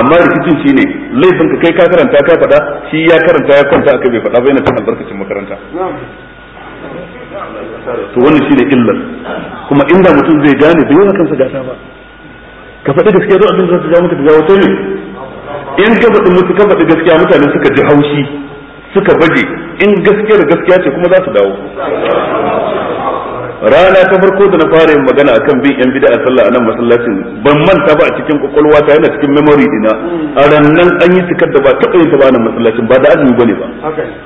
amma rikicin ne laifin ka kai ka karanta ka faɗa shi ya karanta ya kwanta akai bai faɗa ba yana ta albarkacin makaranta to wannan shine illar kuma inda mutum zai gane bai yi kansa gasa ba ka faɗi gaskiya don abin da zai zama jawo maka ta jawo in ka faɗi mutu ka faɗi gaskiya mutane suka ji haushi suka baje in gaskiya da gaskiya ce kuma za su dawo rana ta farko da na fara yin magana akan bin yan bid'a sallah a nan masallacin ban manta ba a cikin kwakwalwa ta yana cikin memory dina a rannan an yi cikar da ba taɓa yin ta ba a nan masallacin ba da azumi bane ba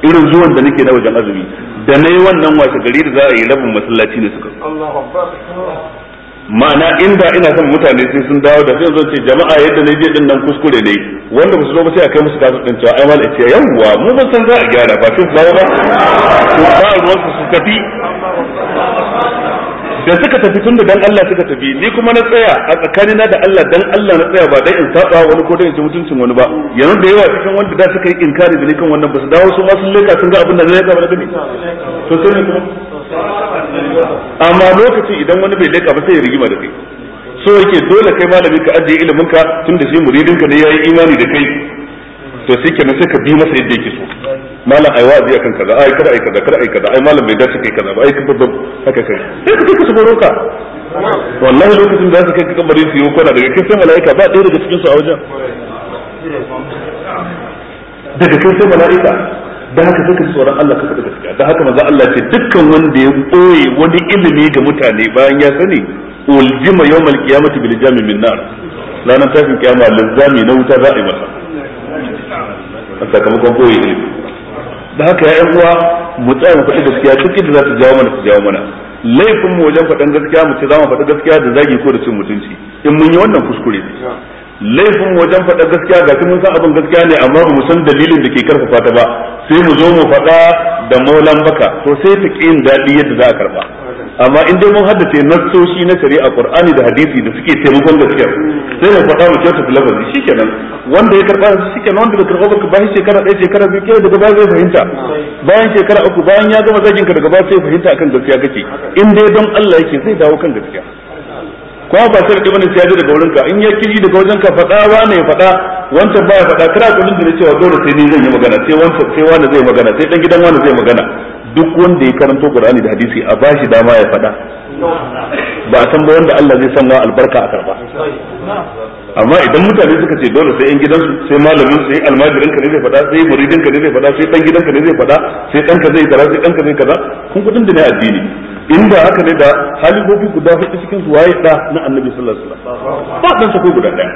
irin zuwan da nake na wajen azumi da na yi wannan wace gari da za a yi rabin masallaci ne suka ma'ana inda ina son mutane sai sun dawo da sai zo ce jama'a yadda na je din nan kuskure ne wanda ba su zo ba sai a kai musu kasu din cewa ai malaka ce yawwa mu ba san za a gyara ba tun bawo ba to ba ruwan su su tafi da suka tafi tun da dan Allah suka tafi ni kuma na tsaya a tsakanina da Allah dan Allah na tsaya ba dan in saba wani ko dan in ci mutuncin wani ba yanzu da yawa cikin wanda da suka yi inkari da ni kan wannan ba su dawo su ma sun leka sun ga abin da zai ga ba da ni to sai ne kuma amma lokaci idan wani bai leka ba sai ya rigima da kai so yake dole kai malami ka ajiye ilimin ka tun da shi muridin ka ne yayi imani da kai to sai kenan sai ka bi masa yadda yake so malam ai wazi akan kaza ai kada ai kaza kada ai kaza ai malam bai dace kai kaza ba ai ka babban haka kai sai ka kai su ka wallahi lokacin da za su kai ka kabari su yi kwana daga kai sai mala'ika ba ɗaya daga cikin su a wajen daga kai sai mala'ika da haka suka ka ji tsoron Allah ka faɗi gaskiya da haka manzo Allah ce dukkan wanda ya koye wani ilimi ga mutane bayan ya sani uljima yawmal qiyamati bil jami min nar ranar tashin kiyama lizzami na wuta za a yi masa a sakamakon koye ilimi da haka ya'yan uwa mu tsaya mu faɗi gaskiya duk inda za ta jawo mana ta jawo mana laifin mu wajen faɗin gaskiya mu ce za mu faɗi gaskiya da zagi ko da cin mutunci in mun yi wannan kuskure laifin wajen faɗa gaskiya ga mun san abin gaskiya ne amma ba mu san dalilin da ke karfafa ta ba sai mu zo mu faɗa da maulan baka to sai ta ƙin daɗi yadda za a karɓa amma in dai mun haddace nassoshi na shari'a qur'ani da hadisi da suke taimakon gaskiya sai mu faɗa mu kyautata lafazi shikenan wanda ya karɓa shi shikenan wanda bai karɓa ba bayan shekara ɗaya shekara biyu kila daga baya zai fahimta bayan shekara uku bayan ya gama zagin ka daga baya sai fahimta akan gaskiya kake in dai don Allah yake zai dawo kan gaskiya kuma ba sai ibn sai daga wurinka in ya kiri daga wajenka fada, wa ne faɗa wanda ba ya faɗa kana kullun da cewa dole sai ni zan yi magana sai wanda sai wanda zai magana sai dan gidan wanda zai magana duk wanda ya karanto Qur'ani da hadisi a bashi dama ya faɗa ba a san ba wanda Allah zai san wa albarka a karba amma idan mutane suka ce dole sai yan gidansu sai malamin sai almajirin ka ne zai faɗa sai muridin ka ne zai faɗa sai dan gidan ka ne zai faɗa sai dan ka zai kaza sai dan ka zai kaza kun kudin da ne addini inda haka ne da halifofi guda hudu cikin su waye da na annabi sallallahu alaihi wasallam ba dan sako guda daya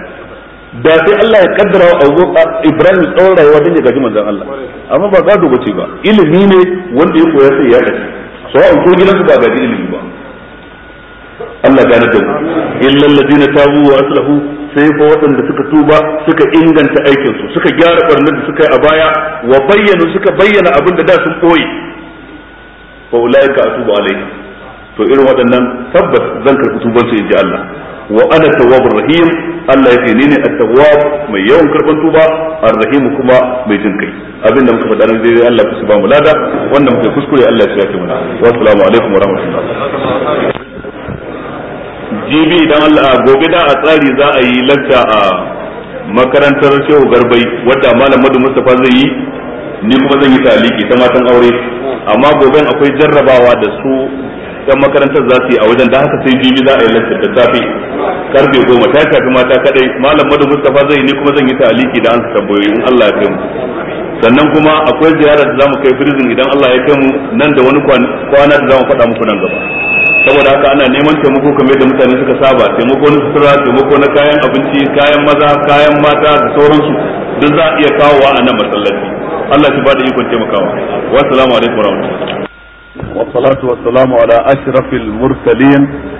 da sai Allah ya kaddara wa Abu Ibrahim tsawon rayuwa dan ya gaji manzon Allah amma ba gado bace ba ilimi ne wanda ya koya sai ya gaji an ko su ba gaji ilimi ba Allah gane da mu illal ladina tabu wa aslahu sai fa waɗanda suka tuba suka inganta aikinsu su suka gyara barnar da suka yi a baya wa bayyana suka bayyana abin da da sun koyi fa ka atubu alayhi to irin waɗannan tabbas zan karɓi tuban su inji Allah wa ana tawwabur rahim Allah yake ni ne at-tawwab mai yawan karban tuba ar-rahim kuma mai jin kai abin da muka faɗa nan dai Allah ya ba mu lada wanda muka kuskure Allah ya shafe mana wa assalamu alaikum wa rahmatullahi jibi idan Allah gobe da a tsari za a yi lacca a makarantar Shehu Garbai wadda malam Madu Mustafa zai yi ni kuma zan yi taliki ta matan aure amma goben akwai jarrabawa da su kan makarantar za su yi a wajen da haka sai bibi za a yi lantar da safe karfe goma ta shafi mata kadai malam madu mustafa zai ni kuma zan yi taliki da an tambayoyi in Allah ya kai mu sannan kuma akwai ziyara da zamu kai prison idan Allah ya kai mu nan da wani kwana da zamu faɗa muku nan gaba saboda haka ana neman taimako kamar da mutane suka saba taimako na sutura taimako na kayan abinci kayan maza kayan mata da sauransu duk za a iya kawowa a nan masallaci Allah shi ba da ikon taimakawa wa alaikum wa rahmatullahi wa salatu wa salamu ala ashrafil mursalin